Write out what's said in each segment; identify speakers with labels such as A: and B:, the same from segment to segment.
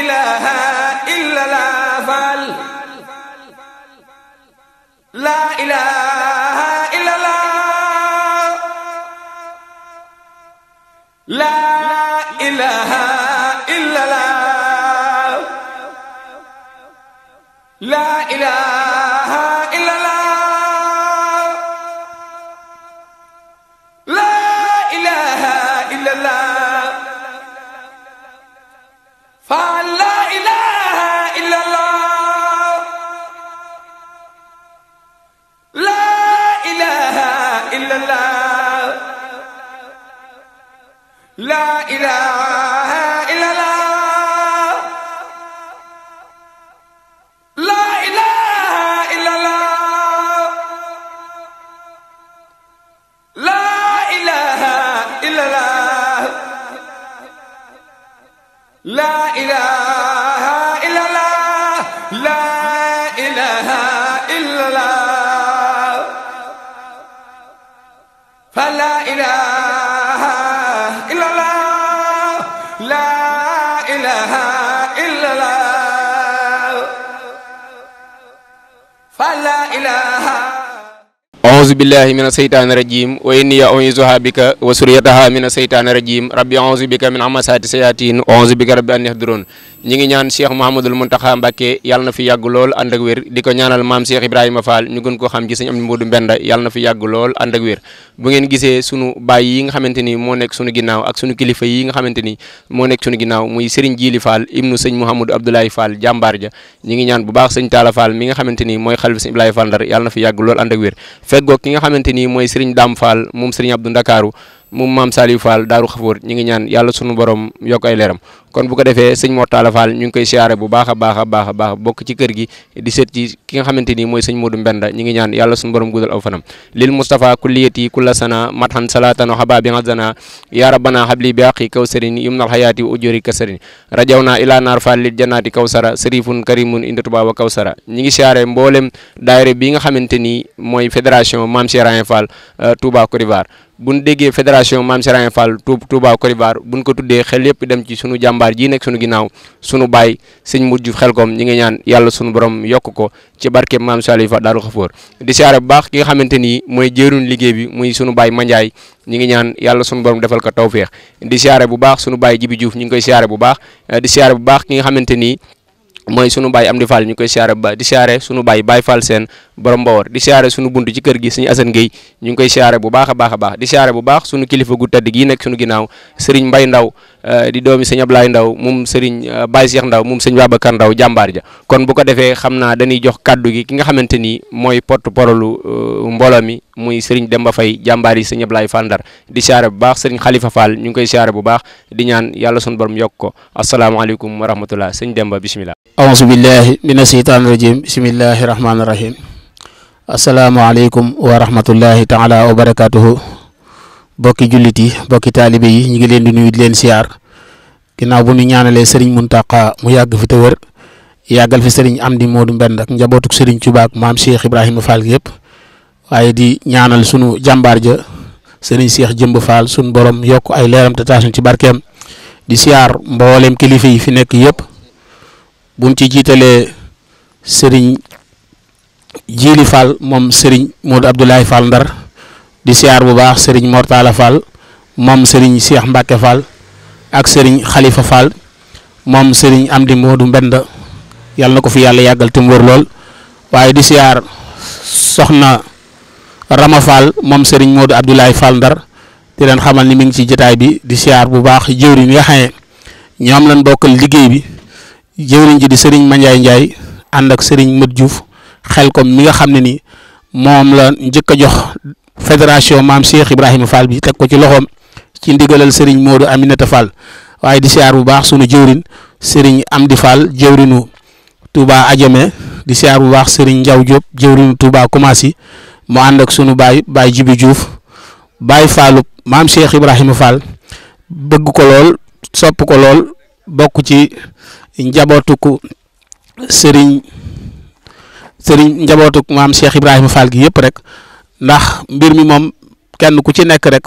A: ilaha illa la faal la ilaha illa la
B: أعوذ بالله من الشيطان الرجيم وإني أعوذها بك وسريتها من الشيطان الرجيم ربي أعوذ بك من عمسات الشياطين وأعوذ بك ربي أن يحضرون ñu ngi ñaan Cheikh Mouhamadul Mountakha Mbacké yàlla na fi yàgg lool ànd ak wér di ko ñaanal maam Cheikh Ibrahima Fall ñu koo xam ci sëñ am Modou Mbenda yàlla na fi yàgg lool ànd ak wér bu ngeen gisee sunu baay yi nga xamante ni moo nekk sunu ginnaaw ak sunu kilifa yi nga xamante ni moo nekk sunu ginnaaw muy Serigne Djili Fall ibnu sëñ Mouhamadou Abdoulaye Fall jàmbaar ja ñi ngi ñaan bu baax sëñ Talla Fall mi nga xamante ni mooy xalifa sëñ Ibrahima Fall Ndar yàlla na fi yàgg lool ànd ak wér ki nga xamante ni mooy Serigne Dame Fall moom Serigne Abdou Ndakaaru mu maam Saliou Fall Daaru Xafoor ñi ngi ñaan yàlla sunu borom yokk ay leeram kon bu ko defee sëñ taala Fall ñu ngi koy siyaare bu baax a baax a baax a baax bokk ci kër gi di seet ki nga xamante ni mooy sëñ Modou Mbenda ñi ngi ñaan yàlla sunu borom guddal aw fanam lil Mustafa kulliyati kulla sana mathan salatan wa haba bi hazana ya rabbana habli bi haqi kawsarin yumnal hayati wa ujuri kasarin rajawna ila naar fall lil jannati kawsara sarifun karimun indatuba wa kawsara ñi ngi siyaare mboolem daayira bi nga xamante ni mooy fédération Mame Cheikh Ibra Fall euh, Touba Côte bu buñ déggee fédération Mame Serigne Fall Touba Côte bu buñ ko tuddee xel yëpp dem ci sunu jàmbaar ji nekk sunu ginnaaw sunu baay sëñ mujj xelkom ñi ngi ñaan yàlla sunu borom yokk ko ci barke Mame Saliou Fall Daaru Xafoor di siyaare bu baax ki nga xamante ni mooy jëruñ liggéey bi muy sunu baay Mandiaye ñi ngi ñaan yàlla sunu borom defal ko tawféex di siyaare bu baax sunu baay Jibi Diouf ñu ngi koy siyaare bu baax eh, di siyaare bu baax ki nga xamante nii mooy sunu baay di Fall ñu koy siyaare bu baax di siyaare sunu baay baay Fall seen borom Mbawar di siyaare suñu bunt ci kër gi suñu Assane Gueye ñu ngi koy siyaare bu baax a baax a baax di kilifa gu tedd gii nekk suñu ginnaaw sëriñ Mbay Ndaw eh, di doomi sëñ Ablaay Ndaw moom sëriñ eh, Baye Cheikh Ndaw moom sëñ Babacar Ndaw jàmbaar ja kon bu ko defee xam naa dañuy jox kàddu gi ki nga xamante ni mooy porte-parole eh, mbooloo mi muy sëriñ Demba fay jàmbaar yi sëñ Ablaay Fall Ndar di siyaare bu baax sëriñ Khalifa Fall ñu ngi koy siyaare bu baax di ñaan yàlla suñu borom yokk ko asalaamaaleykum wa rahmatullah sëñ Demba bismillah
C: aouzu asalaamaaleykum wa rahmatullahi taala wa barakaatuhu bokki jullit yi bokki taalibe yi ñu ngi leen di nuyu di leen siyaar ginnaaw bu ñu ñaanalee sëriñ Muntaqa mu yàgg fi te wër yàggal fi sëriñ Amdi Moodu Mbend njabootuk sëriñ Tuubaa ak maam Cheikh Ibrahima Fall gi waaye di ñaanal sunu jàmbaar ja sëriñ Cheikh Jëmb Fall sunu borom yokk ay leeram te taasuñ ci barkeem di siyaar mbooleem kilifa yi fi nekk yëpp bu mu ci jiitalee sëriñ. Jili Fall moom Serigne Modou Abdoulaye Fall Ndar di siyaar bu baax sëriñ Mortala Fall moom Serigne Cheikh Mbacke Fall ak sëriñ Khalifa Fall moom sëriñ Amdi Modou Mbend yàlla na ko fi yàlla yàggal te mu wër lool waaye di siyaar soxna Rama Fall moom Serigne Modou Abdoulaye Fall Ndar di leen xamal ni mi ngi ci jotaay bi di siyaar bu baax jëwriñ yi nga xam ñoom lañ bokkal liggéey bi jëwriñ ji di Serigne Mandiaye Ndiaye ànd ak Serigne Modou Diouf. xel ko mi nga xam ne ni moom la njëkk a jox fédération maam Cheikh Ibrahima Fall bi teg ko ci loxoom ci ndigalal Serigne Modou Aminata Fall waaye di siyaar bu baax sunu jëwrin Serigne Amdi Fall jëwrinu Touba Adjamé di siyaar bu baax Serigne Ndiaw Diop jëwrinu Touba Koumassi mu ànd ak sunu baay baay Jibi juuf baay Fallou maam Cheikh Ibrahima Fall bëgg ko lool sopp ko lool bokk ci njabootu ko sëriñ njabootuk maam Cheikh Ibrahima Fall gi yëpp rek ndax mbir mi moom kenn ku ci nekk rek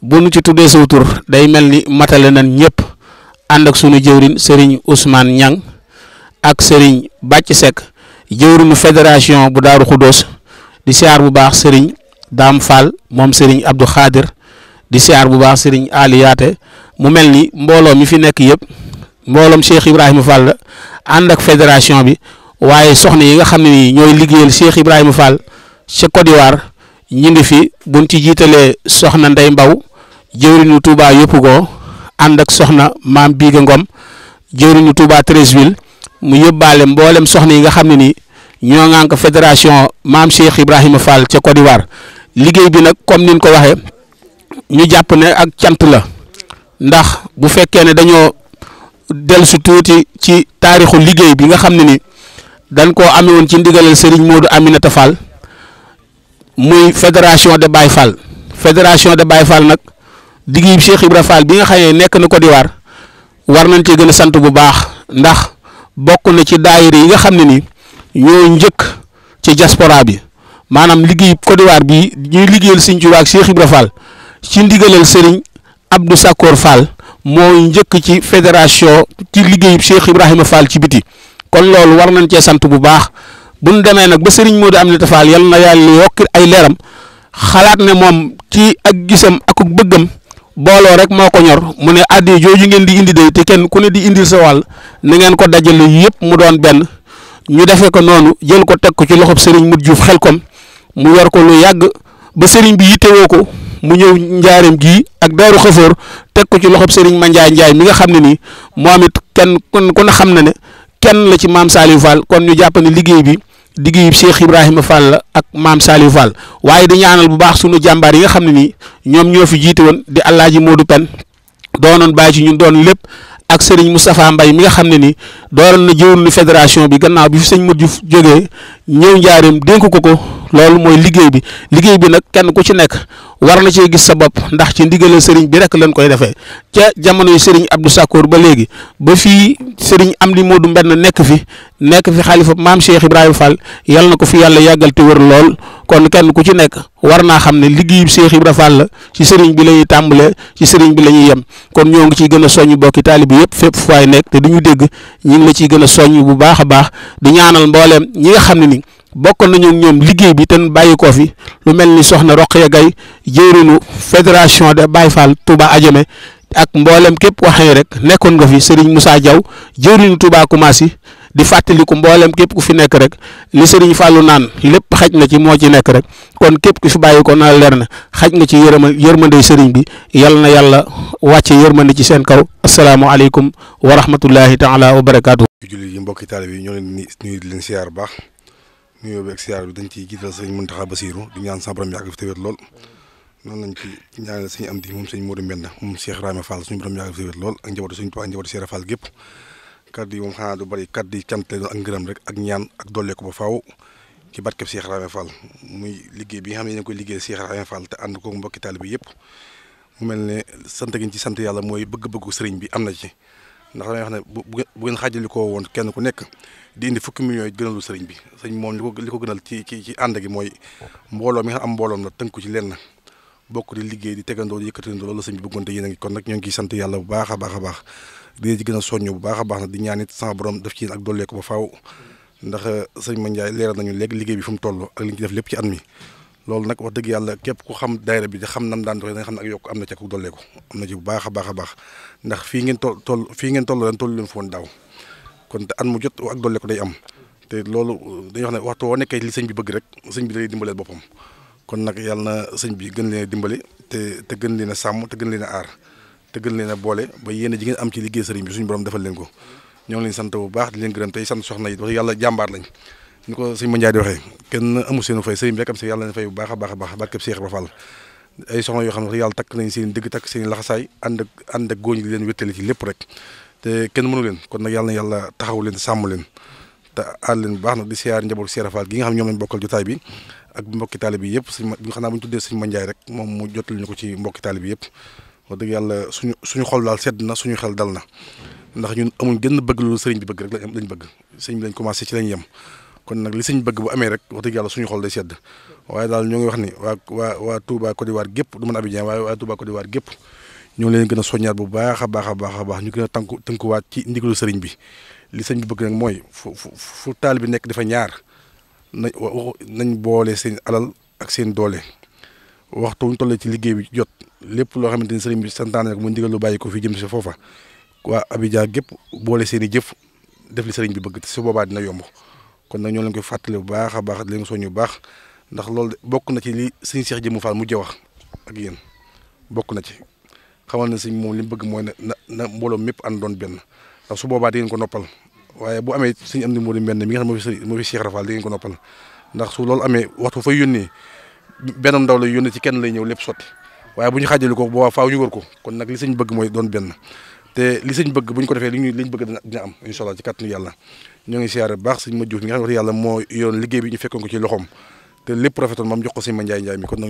C: bu nu ci tuddee saw tur day mel ni matale nan ñëpp ànd ak sunu jëwrin sëriñ Ousmane Niang ak sëriñ Bàcc Seck jëwrinu fédération bu Daaru Xuddoos di siyaar bu baax sëriñ Daam Fall moom sëriñ Abdou Khadir di siyaar bu baax sëriñ Ali mu mel ni mbooloo mi fi nekk yëpp mbooloom Cheikh Ibrahima Fall la ànd ak fédération bi waaye soxna yi nga xam ne nii ñooy liggéeyal Cheikh Ibrahima Fall ca Côte d'Ivoire ñu ngi fi buñ ci jiitalee soxna Ndey Mbaw jëwriñu Touba yëpp ko ànd ak soxna maam Biga Ngom jëwriñu Touba Treichville mu yóbbaale mboolem soxna yi nga xam ne nii ñoo ŋànk fédération maam Cheikh Ibrahima Fall ca Côte d'Ivoire liggéey bi nag comme niñ ko waxee ñu jàpp ne ak cant la ndax bu fekkee ne dañoo dellu si tuuti ci taarixu liggéey bi nga xam ne ni dañ ko amee woon ci ndigalal moo Modou Aminata Fall muy fédération de Baye Fall fédération de Baye Fall nag digib Cheikh Ibra bi nga xam nekk na ko di war war nañ cee gën a sant bu baax ndax bokk na ci daayira yi nga xam ne ni ñoo njëkk ci diaspora bi maanaam liggéey Côte bi ñuy liggéeyal Sëriñ Tuubaa ak Cheikh Ibra Fall ci ndigalal Serigne Abdou Sakor Fall moo njëkk ci fédération ci liggéeyub Cheikh Ibrahima Fall ci biti kon loolu war nañ cee sant bu baax bu nu demee nag ba sëriñ Modou Aminta Fall yal na yàlla yokk ay leeram xalaat ne moom ci ak gisam ak bëggam booloo rek moo ko ñor mu ne addi jooju ngeen di indi day te kenn ku ne di indil sa wàll na ngeen ko dajale yëpp mu doon benn ñu defee ko noonu jël ko teg ko ci loxob sëriñ Modou xel Xelkom mu yor ko lu yàgg ba sëriñ bi yittewoo ko mu ñëw njaareem gii ak daaru xëfoor teg ko ci loxob sëriñ Mandiaye Ndiaye mi nga xam ne nii moom it kenn ku ne xam na ne. kenn la ci maam Saliou Fall kon ñu jàpp ne liggéey bi liggéeyu Cheikh Ibrahima Fall la ak maam Saliou Fall waaye di ñaanal bu baax sunu jàmbaar yi nga xam ne nii ñoom ñoo fi jiite woon di moo du Pen doonoon bàyyi ci ñun doon lépp ak sëriñ Moustapha mbay mi nga xam ne ni dooroon na jëwriñu fédération bi gannaaw bi fi sëñ Modou Diouf jógee ñëw njaareem dénk ko ko loolu mooy liggéey bi liggéey bi nag kenn ku ci nekk war na cee gis sa bopp ndax ci ndigalal sëriñ bi rek lañ koy defee ca jamono yu sëriñ Abdou Sakkoor ba léegi ba fii sëriñ Amdi Modou Mbenn nekk fi nekk fi xalifa maam Cheikh Ibrahima Fall yàlla na ko fi yàlla yàggal te wër lool. kon kenn ku ci nekk war naa xam ne liggéeyub Seex Ibra Fall la ci sëriñ bi la ñuy tàmbale ci sëriñ bi la ñuy yem kon ñoo ngi ciy gën a soññ bokki taali bi yëpp fépp faay nekk te duñu dégg ñi ngi la ciy gën a soññ bu baax a baax di ñaanal mbooleem ñi nga xam ne ni bokkoon nañu ñoom liggéey bi te bàyyi ko fi lu mel ni soxna Roqaya Gay jëwriñu fédération de Baye Fall Touba Adjamé ak mboolem képp waxee rek nekkoon nga fi sëriñ Moussa Diaw jëwriñu Touba Koumassi di fàttaliku mboolem képp ku fi nekk rek li sëriñ Fallou naan lépp xaj na ci moo ci nekk rek kon képp ku fi bàyyi ko naa leer na xaj nga ci yërëma yërmande sëriñ bi yal na yàlla wàcce yërmande ci seen kaw asalaamaaleykum wa rahmatullahi taala wa barakaatu.
D: jullit yi mbokki yi ñoo leen di nuyu di leen baax nuyoo bi ak siyaar bi dañ ciy jiital sëriñ Mountakha Bassirou di ñaan sa borom yàgg fi te wér lool. noonu lañ ci ñaanal sëñ Amdi moom sëñ Modou Mbenda moom Cheikh Rahma Fall suñu borom yàgg fi wér lool ak suñ suñu Tuubaa njabootu Cheikh Fall gépp kaddu yi moom xanaa du bari kaddu yi cant ak ngërëm rek ak ñaan ak dolle ko ba faaw ci barkeb Cheikh Rahane Fall muy liggéey bi nga xam ne ñu koy liggéey Cheikh Rahane Fall te ànd ko yëpp mel ne sant gi ci sant yàlla mooy bëgg-bëggu sëriñ bi am na ci ndax damay ne bu bu ngeen xaajali woon kenn ku nekk di indi fukki millions yi gënalu bi sëñ moom li ko li ko gënal ci ci ci ànd gi mooy mbooloo mi nga am mbooloom la tënku ci lenn bokk di liggéey di tegandoo di yëkkatandoo loolu sëñ bi bëggoon te yéen a kon nag ñoo ngi sant yàlla bu baax a baax a baax dina ci gën a soññ bu baax a baax na di ñaanit it sama borom def ci ak dollee ko ba faaw ndax euh, sëñ Ma Ndiaye nañu léegi liggéey bi fu mu toll ak li ñu def lépp ci at mi loolu nag wax dëgg yàlla képp ku xam daayira bi di xam nam daan doxee da nga xam ak yokk am na ca ku dollee ko am na ci bu baax a baax a baax ndax fii ngeen toll toll fii ngeen toll ren toll leen foon daaw kon te at mu jot ak dollee ko day am te loolu euh, dañ wax ne waxtu woo nekkee li sëñ bi bëgg rek sëñ bi day dimbaleel boppam kon nag yàlla na sëñ bi gën leen a dimbali te te gën leen a sàmm te gën leen a aar te gën leen a boole ba yéen ji ngeen am ci liggéey sëriñ bi suñu borom defal leen ko ñoo leen sant bu baax di leen gërëm tey sant soxna yi wax yàlla jàmbaar kenn amu seenu fay sëriñ bi rek si yàlla na fay bu baax a baax a baax barkeb Seex Ibra Fall ay soxna yoo xam ne yàlla takk nañ seen dëgg takk seen laxasaay ànd ak ànd leen wéttali ci lépp rek te kenn mënu leen kon nag yàlla yàlla taxaw leen sàmm leen te aar leen bu baax nag di siyaar njaboot Seex Ibra Fall gi nga xam ñoom lañ bokkal jotaay ak mbokki taalibe yi yëpp sëñ xam naa bu ñu tuddee moom mu jottali ñu ko ci mbokki taalibe yi yëpp wax dëgg yàlla suñu suñu xol daal sedd na suñu xel dal na ndax ñun amuñ gën bëgg loolu sëriñ bi bëgg rek lañ bëgg sëriñ bi lañ commencé ci lañ yem kon nag li sëriñ bëgg bu amee rek wax dëgg yàlla suñu xol day sedd waaye daal ñoo ngi wax ni waa waa waa Touba Côte d'Ivoire gépp du mën Abidjan waaye waa Touba Côte d'Ivoire gépp ñoo ngi leen gën a soññaat bu baax a baax a baax a baax ñu gën a tànku tënkuwaat ci ndigalu sëriñ bi li sëñ bi bëgg nag mooy fu fu taal bi nekk dafa ñaar nañ nañ boole seen alal seen doole waxtu wuñ tollee ci liggéey bi jot lépp loo xamante ni sëriñ bi santaane rek mu ndigal lu bàyyi ko fii jëm si foofa waa abijaa gépp boole seen i jëf def li sëriñ bi bëgg te su boobaa dina yomb kon nag ñoo leen koy fàttali bu baax baax di leen soññ baax ndax loolu bokk na ci li sëriñ Cheikh Jëmu Fall mujjee wax ak yéen bokk na ci xamal na sëñ moom li mu bëgg mooy na na mbooloo mépp ànd doon benn ndax su boobaa di ko noppal waaye bu amee sëñ am ni moo di benn mi nga xam moo fi moo fi Cheikh Rafal ko noppal ndax su loolu amee waxtu fay yónnee benn ndaw lay yónnee ci kenn lay ñëw lépp sotti waaye bu ñu xaajale ko boobaa faaw ñu wër ko kon nag li sëñ bëgg mooy doon benn te li sëñ bëgg bu ñu ko defee li ñu bëgg dina am incha allah ci kàttanu yàlla ñoo ngi siyaare baax sëñ ma juuf mi nga xam ne yàlla bi ñu fekkoon ko ci loxoom ma njaay njaay mi kon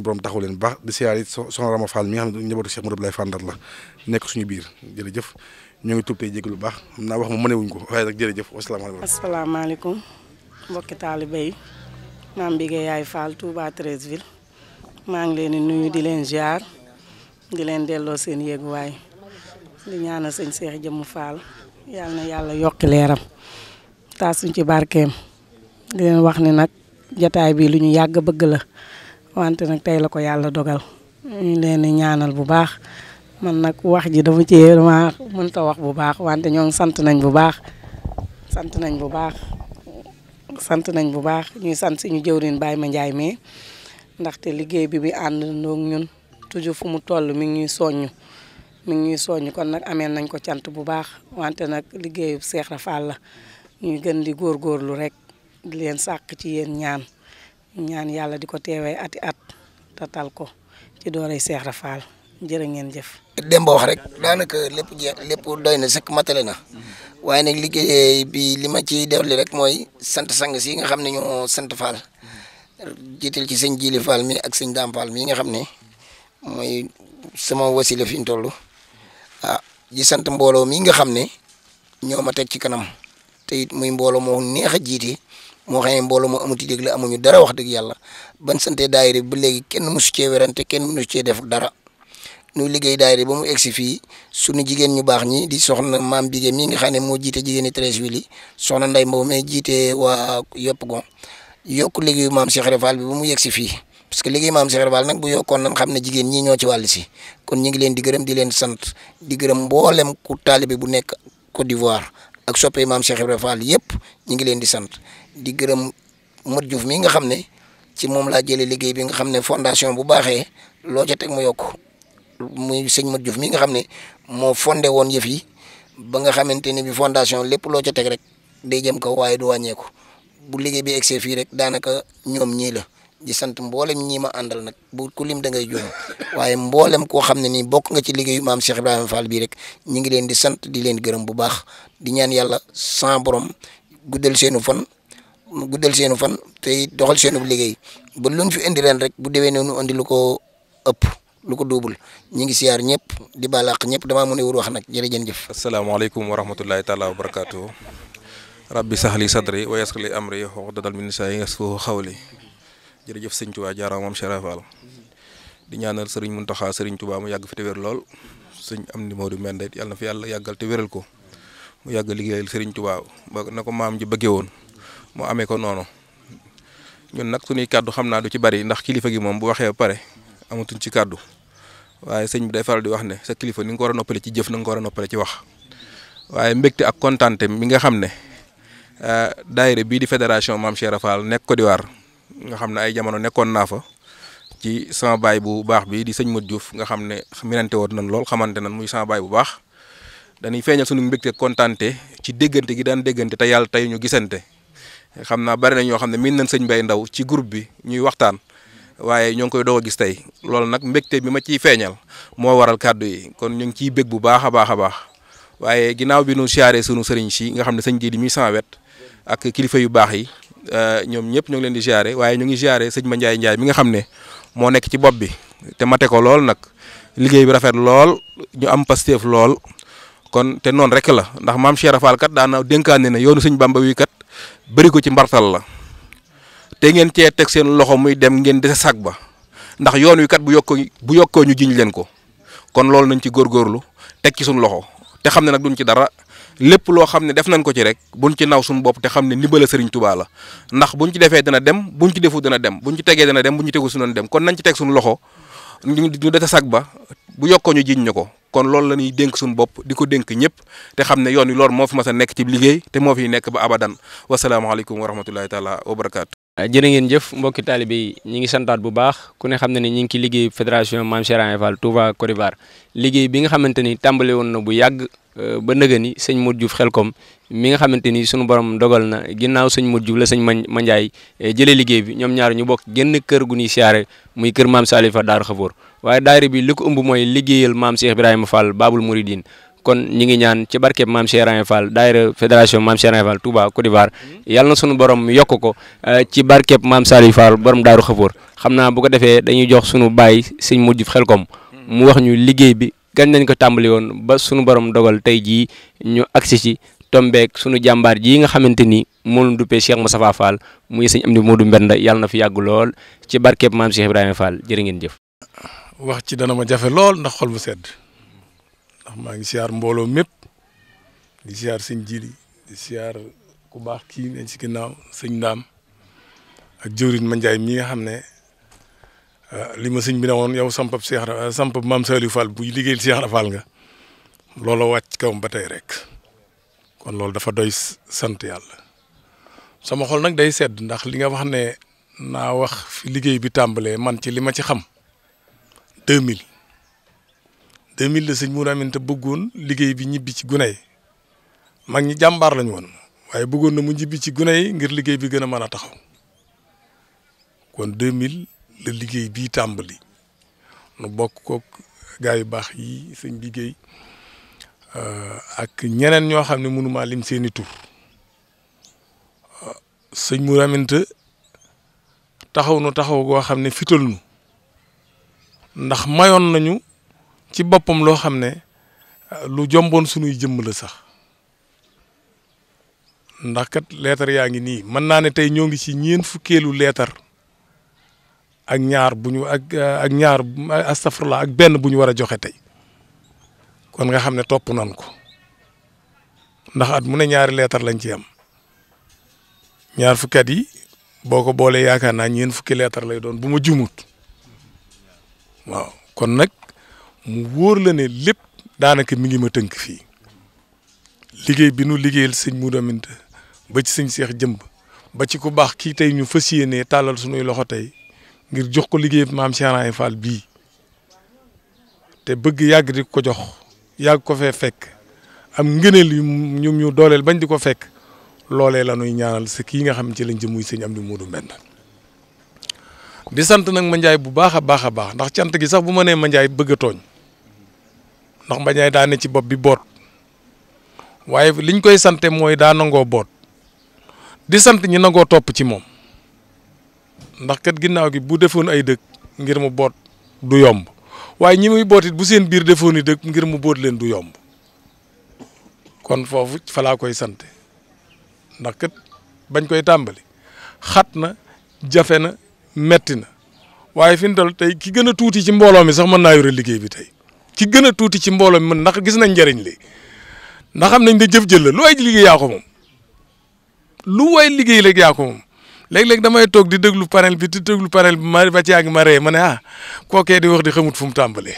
D: borom taxaw leen baax di siyaar it soxna Rama Fall mi nga xam ne njabootu Cheikh Modou Blay Fall Ndar la nekk suñu biir jërëjëf ñoo ngi tuub tey jégg lu baax xam naa wax
E: ko waaye nag maam Bigué Yaay Fall Touba Treichville maa ngi leen di nuyu di leen ziar di leen delloo seen yéeguwaay di ñaanal sëñ Seex Jëmm Fall yàlla na yàlla yokki leeram taasuñ ci barkeem di leen wax ni nag jataay bii lu ñu yàgg bëgg la wante nag tey la ko yàlla dogal ñu leen ñaanal bu baax man nag wax ji dama ci dama mënta wax bu baax wante ñoo sant nañ bu baax sant nañ bu baax sant nañ bu baax ñuy sant suñu baay ma Mandiaye mais ndaxte liggéey bi bi ànd ndoog ñun toujours fu mu toll mi ngi ñuy soññu mi ngi ñuy soññ kon nag ameel nañ ko sant bu baax wante nag liggéeyu Seex Rafal la ñuy gën di góorlu rek leen sàkk ci yéen ñaan ñaan yàlla di ko teewee ati at tatal ko ci ay Seex Rafal jërë ngeen jëf. Demba wax rek
F: daanaka lépp jeex lépp doy na sëkk matale waaye nag liggéey bi li ma ci dolli rek mooy sant sang si nga xam ne ñoo sant Fall jiital ci sëñ Jili Fall mi ak sëñ Daam Fall mi nga xam ne mooy sama wasila fi ñu toll ah di sant mbooloo mi nga xam ne ñoo ma teg ci kanam te it muy mboolo moo neex a jiite moo xam mboolo mbooloo moo amuti dégg la amuñu dara wax dëgg yàlla ban sante daayira bu léegi kenn musu cee werante kenn musu cee def dara nuy liggéey daayira ba mu egsi fii sunu jigéen ñu baax ñi di soxna maam Bigué mi nga xam ne moo jiite jigéen ñi treize soxna nday Mbow mi jiite waa yopp gon yokk liggéeyu maam Cheikh Fall bi ba mu yegsi fii parce que liggéey maam Cheikh Fall nag bu yokkoon nan xam ne jigéen ñi ñoo ci wàll si kon ñu ngi leen di gërëm di leen sant di gërëm mboolem ku taalibe bu nekk Côte d'Ivoire ak soppe maam Cheikh Fall yëpp ñu ngi leen di sant di gërëm Modou Diouf mi nga xam ne ci moom laa jëlee liggéey bi nga xam ne fondation bu baaxee loo ca teg mu yokk muy sëñ Mat Diouf mi nga xam ne moo fonde woon yëf ba nga xamante ni bi fondation lépp loo ca teg rek day jëm kaw waaye du wàññeeku bu liggéey bi egsee fii rek daanaka ñoom ñii la di sant mboolem ñii ma àndal nag bu ku lim da ngay juum waaye mboolem koo xam ne nii bokk nga ci liggéeyu maam Cheikh Ibrahima Fall bii rek ñu ngi leen di sant di leen gërëm bu baax di ñaan yàlla sans borom guddal seenu fan. guddal seenu fan te doxal seenu liggéey ba luñ fi indi ren rek bu déwee
G: ëpp lu ko duubul ñi ngi siyaar ñëpp di balaq ñëpp damaa mën a wër wax nag jërëjën jëf asalaamaaleykum wa rahmatullahi taala wa barakatuh rabbi saxli sadri wa yassir li amri uqdatan min lisaani yafqahu qawli jërëjëf sëñ Tuubaa jaaraama maam Cheikh Fall di ñaanal sëriñ Muntaxa sëriñ Tuubaa mu yàgg fi te lool sëñ Amdi Moodu Mbende yàlla na fi yàlla yàggal te wéral ko mu yàgg liggéey sëriñ Tuubaa ba na ko maam ji bëggee woon mu amee ko noonu ñun nag suñuy kàddu xam naa du ci bari ndax kilifa gi moom bu waxee ba pare amatuñ ci kàddu waaye sëñ bi day faral di wax ne sa kilifa ni nga war a noppale ci jëf na nga war a noppale ci wax waaye mbégte ak kontaante mi nga xam ne eh, daayira bii di fédération Mame Cheikh Rafal nekk Côte d'Ivoire nga xam ne ay jamono nekkoon naa fa ci sama baay bu baax bi di sëñ Modou Diouf nga xam ne minante woon nañ lool xamante nañ muy sama baay bu baax dañuy feeñal sunu mbégte kontaante ci déggante gi daan déggante te yàlla tey ñu gisante xam naa bari na ñoo xam ne miin nañ sëñ Mbaye Ndaw ci groupe bi ñuy waxtaan. waaye ñoo ngi koy doog gis tey loolu nag mbégte bi ma ciy feeñal moo waral kàddu yi kon ñu ngi ciy bég bu baax a baax a baax waaye ginnaaw bi nu siyaaree sunu sëriñ si nga xam ne sëñ ji di mi cent wet ak kilifa yu baax yi euh, ñoom ñëpp ñoo ngi leen di siyaare waaye ñu ngi siyaare sëñ ma Njaay Njaay mi nga xam ne moo nekk ci bopp bi te mate ko lool nag liggéey bi rafet lool ñu am pasteef lool kon te noonu rek la ndax maam Cheikh Rafal kat daana dénkaane ne yoonu sëñ Bamba wi kat bëri ko ci mbartal la te ngeen cee teg seen loxo muy dem ngeen dese sag ba ndax yoon wi kat bu yokkoo bu yokkoo ñu jiñ leen ko kon loolu nañ ci góorgóorlu teg ci suñu loxo te xam ne nag duñ ci dara lépp loo xam ne def nañ ko ci rek bu buñ ci naw suñu bopp te xam ne ndimbala sëriñ Tuubaa la ndax buñ ci defee dana dem buñ ci defu dana dem buñ ci tegee dana dem buñ ci tegu suñu dem kon nañ ci teg suñu loxo ñu dese sag ba bu yokkoo ñu jiñ ñu ko kon loolu la ñuy denk suñu bopp di ko denk ñëpp te xam ne yoon wi loolu moo fi mas a nekk ci liggéey te moo fi nekk ba abadan wasalaamaaleykum wa rahmatullahi taala wa barakaatu Euh, jërë ngeen jëf mbokki taalibe yi ñi ngi santaat bu baax ku ne xam ne ne
B: ñu ngi ci liggéey fédération Mame Cheikh Ibra Fall Touba Côte d'Ivoire liggéey bi nga xamante ni tàmbale woon na bu yàgg euh, ba nëgëni sëñ Modou Diouf Xelkom mi nga xamante ni sunu borom dogal na ginnaaw sëñ Modou Diouf la sëñ ma Mandiaye euh, jëlee liggéey bi ñoom ñaar ñu bokk genn kër gu ñuy siyaare muy kër Mame Salifa Daaru Xafoor waaye daayira bi li ko ëmb mooy liggéeyal Mame Cheikh Ibrahima Fall Babul Mouridine kon ñi ngi ñaan ci barkeb maam Cheikh Ibrahima Fall daayira fédération maam Cheikh Ibrahima Fall Touba Côte d'Ivoire mm-hmm. na sunu borom yokk ko eh, ci barkeb maam Saliou Fall borom daaru xafoor xam naa bu ko defee dañuy jox sunu baay sëñ mujj xel kom mu wax ñu liggéey bi gañ nañ ko tàmbali woon ba sunu borom dogal tey jii ñu agsi ci tombeek sunu jàmbaar jii nga xamante ni moo lu duppee Cheikh Moustapha Fall muy sëñ Amdi Modou Mbenda yàlla na fi yàgg lool ci barkeb maam Cheikh Ibrahima Fall ngeen jëf.
H: wax ci dana ma jafe lool ndax xol bu sedd. ndax maa ngi siyaar mbooloo mépp di siyaar sëñ jili di siyaar ku baax kii ne ci ginnaaw sëñ ndaam ak jëwriñ ma njaay mi nga xam ne ah, li ma sëñ bi ne woon yow sampab Seex ah, sampab maam Saliou Fall buy liggéeyal Seex Fall nga loola wàcc kawam ba tey rek kon loolu dafa doy sant yàlla sama xol nag day sedd ndax li nga wax ne naa wax fi liggéey bi tàmbalee man ci li ma ci xam 2000 2000 la sëñ mu Aminta bëggoon liggéey bi ñibbi ci gune yi mag ñi jàmbaar lañu woon waaye bëggoon na mu ñibbi ci gune yi ngir liggéey bi gën a mën a taxaw kon 2000 la liggéey bii tàmbali nu bokk kook gaa yu baax yi sëñ liggéey Guèye euh, ak ñeneen ñoo xam ne mënumaa lim seeni tur sëñ mu Aminta taxaw nu taxaw goo xam ne fital nu ndax mayoon nañu. ci boppam loo xam ne lu jomboon suñuy jëmm la sax ndax kat leetar yaa ngi nii mën naa ne tey ñoo ngi ci ñeen fukkeelu leetar ak ñaar bu ak ak ñaar astafurla ak benn buñu war a joxe tey kon nga xam ne topp nan ko ndax at mu ne ñaari leetar lañ ci am ñaar fukki at yi boo ko boolee yaakaar naa ñeen fukki leetar lay doon bu ma jumut kon nag mu wóor la ne lépp daanaka mi ngi ma tënk fii liggéey bi nu liggéeyal sëñ Modou Aminta ba ci sëñ seex Jëmb ba ci ku baax kii tey ñu fas yéenee tàllal suñuy loxo tey ngir jox ko liggéey maam Cheikh Ibra bii te bëgg yàgg di ko jox yàgg ko fee fekk am ngëneel yu ñum ñu dooleel bañ di ko fekk loolee la ñuy ñaanal sa kii nga xam ci lañ jëm muy sëñ Amdi Modou Mbend di sant nag Mandiaye bu baax a baax a baax ndax cant gi sax bu ma nee Mandiaye bëgg a tooñ ndax mbañaay daa ne ci bopp bi boot waaye liñ koy sante mooy daa nangoo boot di sant ñi nangoo topp ci moom ndax kat ginnaaw gi bu defoon ay dëkk ngir mu boot du yomb waaye ñi muy bu seen biir defoon i ngir mu boot leen du yomb kon foofu falaa koy sante ndax kat bañ koy tàmbali xat na jafe na metti na waaye fi mu toll tey ki gën a tuuti ci mbooloo mi sax mën naa yore liggéey bi tey ki gën a tuuti ci mbooloom mën ndax gis nañ njëriñ li ndax xam nañ ne jëf jël la lu lu way liggéey léegi yaa léeg damay toog di déglu panel bi di déglu panel bi ma ba ci àgg ma ree ma ah, di wax di xamut fu mu tàmbalee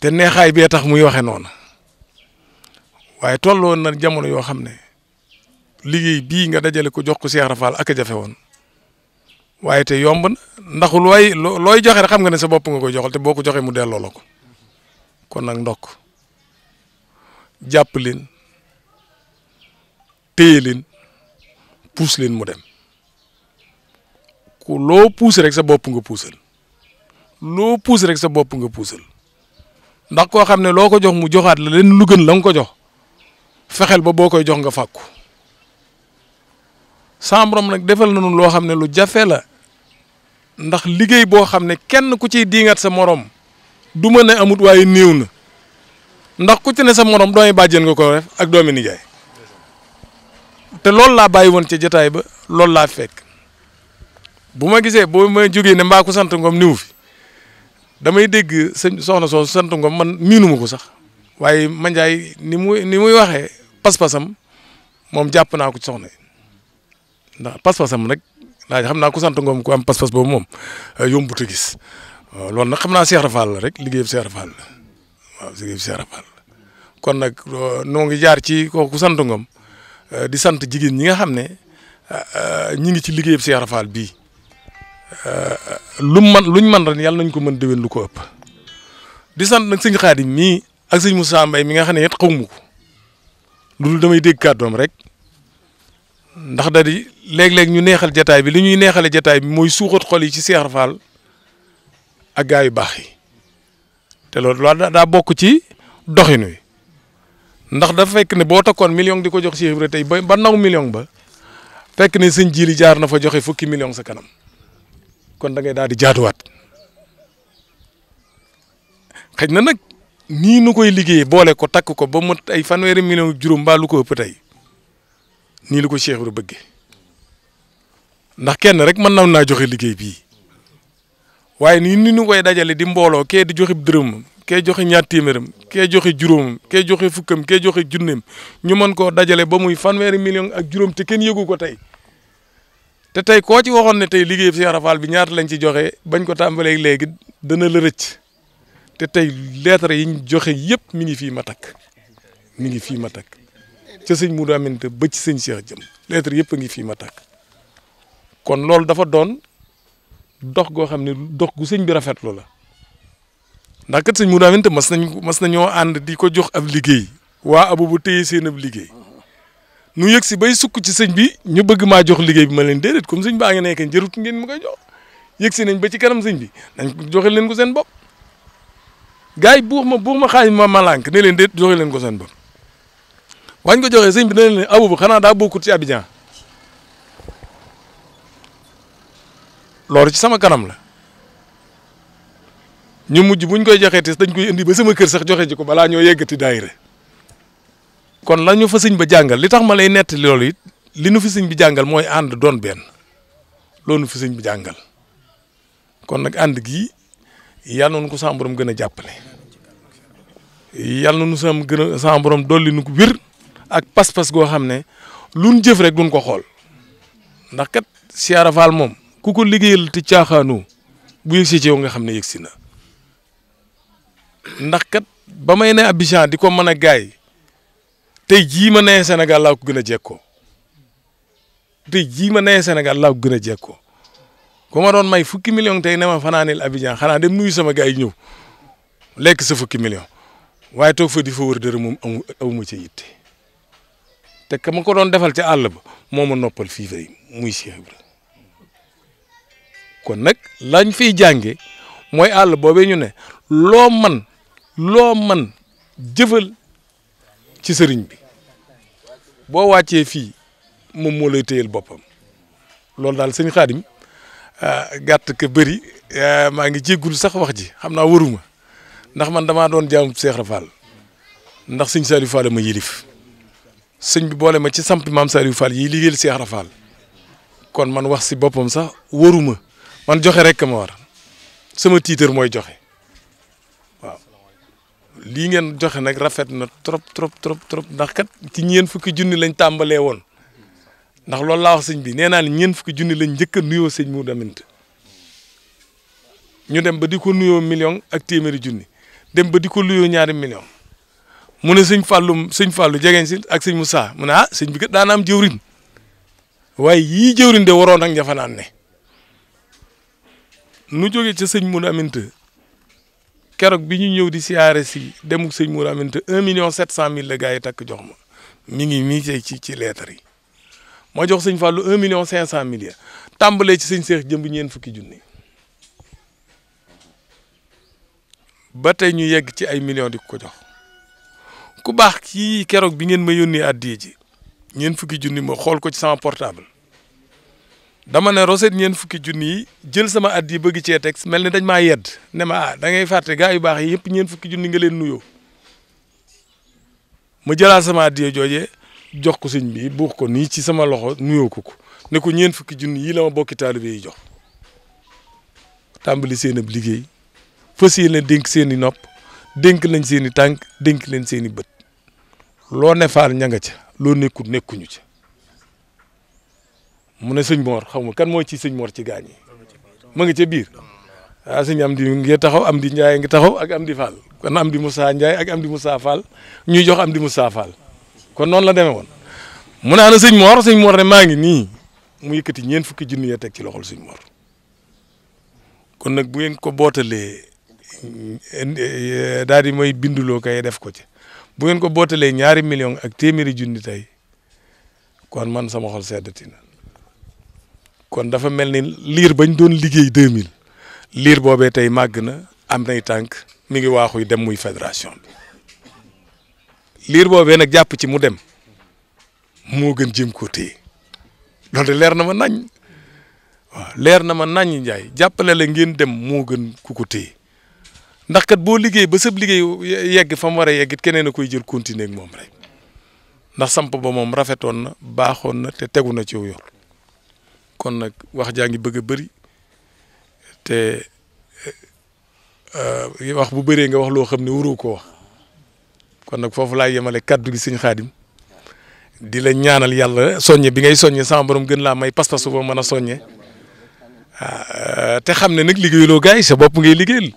H: te neexaay bee tax muy waxee noonu waaye tolloon na jamono yoo xam ne liggéey bii nga dajale ko jox ko Cheikh ak jafe woon waaye te yomb na ndax looy looy joxe rek xam nga ne sa bopp nga koy joxal te ko joxee mu delloo la ko. kon nag ndok jàpp leen téye leen leen mu dem ku loo puus rek sa boppu nga puusal loo puus rek sa boppu nga puusal ndax koo xam ne loo ko jox mu joxaat la leen lu gën la nga ko jox fexeel ba boo koy jox nga fàkku sambrom nag defal nañu loo xam ne lu jafe la ndax liggéey boo xam ne kenn ku ciy diingat sa morom du mën a amut waaye néew na ndax ku ci ne sa morom doomi bàjjen nga ko def ak doomi nijaay te loolu laa bàyyi woon cee jotaay ba loolu laa fekk bu ma gisee boo ma jógee ne mbaa ku sant ngoom niwu fi damay dégg sëñ soxna soo sant ngoom man miinuma ko sax waaye manjaay ni muy ni muy waxee pas-pasam moom jàpp naa ko ci soxna ndax pas-pasam rek ndax xam naa ku sant ngoom ko am pas-pas boobu moom yombuta gis waaw loolu nag xam naa Cheikh Rafal la rek liggéeyam Cheikh Rafal la waaw liggéeyam Cheikh Rafal la kon nag noo ngi jaar ci kooku santo Ngom eh, di sant jigéen ñi nga xam ne eh, ñi ngi ci liggéeyam Cheikh Rafal bii eh, lu man luñ man ren yàlla nañ ko mën déwén lu ko ëpp di sant nag sëñ Xaadim mii ak sëñ Moussa Mbaye mi nga xam ne it xawma ko loolu damay dégg kàddoom rek ndax da di léeg-léeg ñu neexal jataay bi li ñuy neexale jataay bi mooy suuxat xol yi ci Cheikh Rafal ak gaa yu baax yi te loolu loolu daa bokk ci doxin wi ndax dafa fekk ne boo takkoon million di ko jox Cheikh tey ba naw million ba fekk ni sëñ jiili jaar na fa joxe fukki million sa kanam kon da ngay daal di jaatuwaat xëj na nag nii nu koy liggéey boole ko takk ko ba mu ay fanweeri million juróom mbaa lu ko ëpp tey nii lu ko Cheikh Ibra bëggee ndax kenn rek mën naw naa joxe liggéey bii. waaye nii ni ñu koy dajale di mbooloo kee di joxe dërëm kee joxe ñaar téeméeram kee joxe juróomam kee joxe fukkam kee joxe junneem ñu mën koo dajale ba muy fanweeri million ak juróom te kenn yëgu ko tey te tey koo ci waxoon ne tey liggéey Cheikh Rafal bi ñaata lañ ci joxe bañ ko tàmbalee léegi dana la rëcc te tey lettre yi joxe yëpp mi ngi fii ma takk mi ngi fii ma takk ca sëñ Moudou Aminta ba ci sëñ a jëm lettre yëpp a ngi fii ma takk kon loolu dafa doon dox goo xam ne dox gu sëñ bi rafetlu la ndax kat mu Mourou Aminta mas nañ mas nañoo ànd di ko jox ab liggéey waa abu bu seen ab liggéey nu yëg si bay sukk ci sëñ bi ñu bëgg maa jox liggéey bi ma leen déedéet comme sëñ baa ngi nekk jërut ngeen mu koy jox yëg si nañ ba ci kanam sëñ bi nañ joxe leen ko seen bopp gars yi buux ma buux ma xaaj ma malank ne leen déet joxe leen ko seen bopp wañ ko joxee sëñ bi ne leen abu bu xanaa daa bokkut ci Abidjan loolu ci sama kanam la ñu mujj buñ koy joxee te dañ koy indi ba sama kër sax joxe ji ko balaa ñoo yeggati daayira kon la ñu fa sëñ ba jàngal li tax ma lay nett loolu it li nu fi sëñ bi jàngal mooy ànd doon benn loolu fi sëñ bi jàngal kon nag ànd gi yàlla na ko sama borom gën a jàppale yàlla na nu sama gën a sama borom dolli nu ko wér ak pas-pas goo xam ne luñ jëf rek duñ ko xool ndax kat siyaara faal moom ku ko liggéeyal te caaxaanoo bu yëgsee ci yow nga xam ne yëgsi na ndax kat ba may ne Abidjan di ko mën a gaay tey jii ma nee Sénégal laa ko gën a jekkoo tey jii ma nee senegal la ko gën a jekkoo ku ma doon may fukki million tey ne ma fanaanil Abidjan xanaa dem nuyu sama gaay ñëw lekk sa fukki million waaye toog fa di fa wër dërëm moom amu awuma yitte te ka ma ko doon defal ca àll ba moo ma noppal fii fay muy Cheikh Ibrahima kon nag lañ fiy jànge mooy àll boobee ñu ne loo man loo man jëfal ci sëriñ bi boo wàccee fii moom moo lay téyel boppam loolu daal sëñ Xaadim ah, gàtt ka bëri ah, maa ngi jéggul sax wax ji xam naa waruma ndax man dama doon jaamu Seex Ibra ndax sëñ Saliou Fall ma yilif sëñ bi boole ma ci samp maam Saliou Fall yi liggéeyal Seex kon man wax si boppam sax waruma man joxe rek ma war sama tiitër mooy joxe waaw lii ngeen joxe nag rafet na trop trop trop trop ndax kat ci ñeen fukki junni lañ tàmbalee woon ndax loolu laa wax sëñ bi nee naa ne ñeen fukki junni lañ njëkk a nuyoo sëñ mu damint ñu dem ba di ko nuyoo million ak téeméeri junni dem ba di ko nuyoo ñaari million mu ne sëñ Fallou sëñ Fallou jegeñ si ak sëñ Moussa mu ne ah sëñ bi kat daana am jëwrin waaye yii jëwrin de waroon ak ña fa ne nu jóge ci sëñ mun Aminta keroog bi ñu ñëw di siyaare si demuk sëñ Mourou Aminta un million sept cent mille la gars yi takk jox ma mi ngi mii ci ci ci lettre yi ma jox sëñ Fallou un million cinq cent mille ya tàmbalee ci sëñ Seex jëmb ñeen fukki junni ba tey ñu yegg ci ay million di ko jox ku baax ki keroog bi ngeen ma yónnee addiya ji ñeen fukki junni ma xool ko ci sama portable dama ne roset ñeent fukki junni yi jël sama at yi bëgg cee teg mel ni dañ maa yedd ne ma ah da fàtte gaa yu baax yi yëpp ñeent fukki junni nga leen nuyoo ma jëlaat sama at yi jox ko sëñ bi buux ko nii ci sama loxo nuyoo ko ko ne ko ñeent fukki junni yii la ma bokki taalibe yi jox tàmbali seen ab liggéey fas yéene dénk seen i nopp dénk nañ seeni tànk dénk leen seeni bët loo ne faal ña nga ca loo nekkuñu ca. mu ne sëñ Mor xaw ma kan moo ci sëñ Mor ci gaañ yi ma ngi ca biir ah am Amdi ngi taxaw Amdi Ndiaye ngi taxaw ak Amdi Fall kon mu saa Ndiaye ak am Amdi Moussa Fall ñuy jox am Amdi Moussa Fall kon noonu la demee woon mu ne ana sëñ Mor sëñ Mor ne maa ngi nii mu yëkkati ñeent fukki junni ya teg ci loxol sëñ Mor kon nag bu ngeen ko bootalee eh, daal di may binduloo kay def ko ci bu ngeen ko bootalee ñaari million ak téeméeri junni tey kon man sama xol seddatina kon dafa mel ni liir bañ doon liggéey 2000 liir boobee tey màgg na am nay tànk mi ngi waaxuy dem muy fédération bi liir boobee nag jàpp ci mu dem moo gën jëm ko téye loolu de leer na ma nañ waaw leer na ma nañ Ndiaye jàppale la ngeen dem moo gën ku ko téye ndax kat boo liggéey ba sëb liggéey yegg fa mu war a yeggit keneen a koy jël continuer moom rek ndax samp ba moom rafetoon na baaxoon na te tegu na ci wu yor kon nag wax jaa ngi bëgg a bari te eh, eh, wax bu bëree nga wax loo xam ne waroo ko wax kon nag foofu laay yemale kaddu gi sëñ xaadim di la ñaanal yàlla soññe bi ngay soññe sama borom gën laa may pas-pas boo mën a soññe ah, te xam ne nag liggéey loo yi sa bopp ngay liggéeyal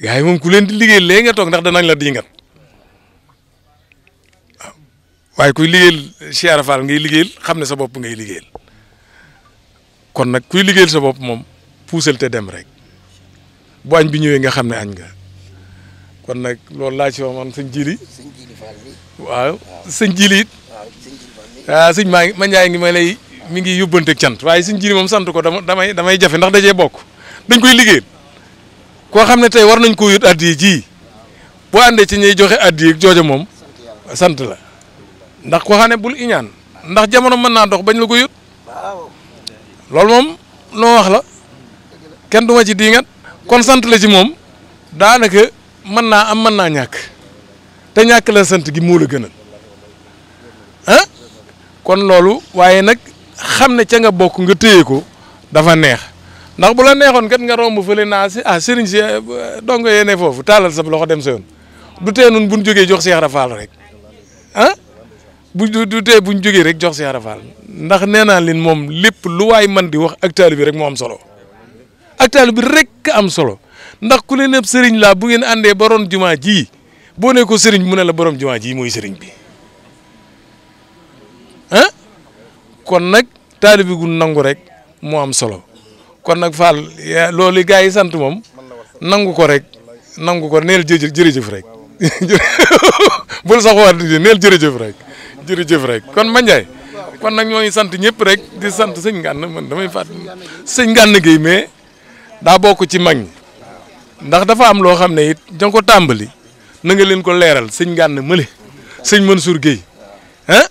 H: gars yi moom ku leen di liggéey lee nga toog ndax danañ la dingat waaye kuy li Cheikh Fall ngay liggéeyal xam ne sa bopp ngay liggéeyal kon nag kuy liggéeyal sa bopp moom puusal te dem rek bu añ bi ñëwee nga xam ne añ nga kon nag loolu laa ci wax man sëñ Jili. sëñ waaw sëñ Jili it. waaw ah, maa ngi ma Ndiaye ngi ma lay mi ngi yóbbanteeg cant waaye sëñ Jili moom sant ko dama damay damay jafe ndax dajee bokk dañ koy liggéeyal koo xam ne tey war nañ koo yót addiya ji boo àndee ci ñuy joxe addiya jooja moom sant la ndax koo xam ne bul iñaan ndax jamono mën naa dox bañ la ko yót. loolu moom loo wax la kenn duma ci diingat kon sant la ci moom daanaka mën naa am mën naa ñàkk te ñàkk la sant gi moo la gënal ah kon loolu waaye nag xam ne ca nga bokk nga téye ko dafa neex ndax bu la neexoon kat nga romb fële naa si ah sëriñ si dongo yéene foofu taalal sa loxo dem sa yoon du tee nun buñ jógee jox Seex Rafaal rek bu du tey bu ñu jógee rek jox Cheikh Ibra Fall ndax nee naa leen moom lépp lu waay man di wax ak taalibe bi rek moo am solo ak bi rek am solo ndax ku leen ab sëriñ laa bu ngeen àndee borom jumaa jii boo ne ko sëriñ mu ne la borom jumaa jii mooy sëriñ bi ah kon nag taalibe gu nangu rek moo am solo kon nag Fall loolu gars yi sant moom nangu ko rek nangu ko neel jë jërëjëf rek bul sax waat neel jërëjëf rek. jërëjëf rek kon Mandiaye kon nag ñoo ngi sant ñëpp rek di sant sëñ Ngane man ma fàtt sëñ Ngane Guèye mais daa bokk ci mag ñi ndax dafa am loo xam ne it da ko tàmbali na nga leen ko leeral sëñ Ngane mële sëñ Mansour Guèye ah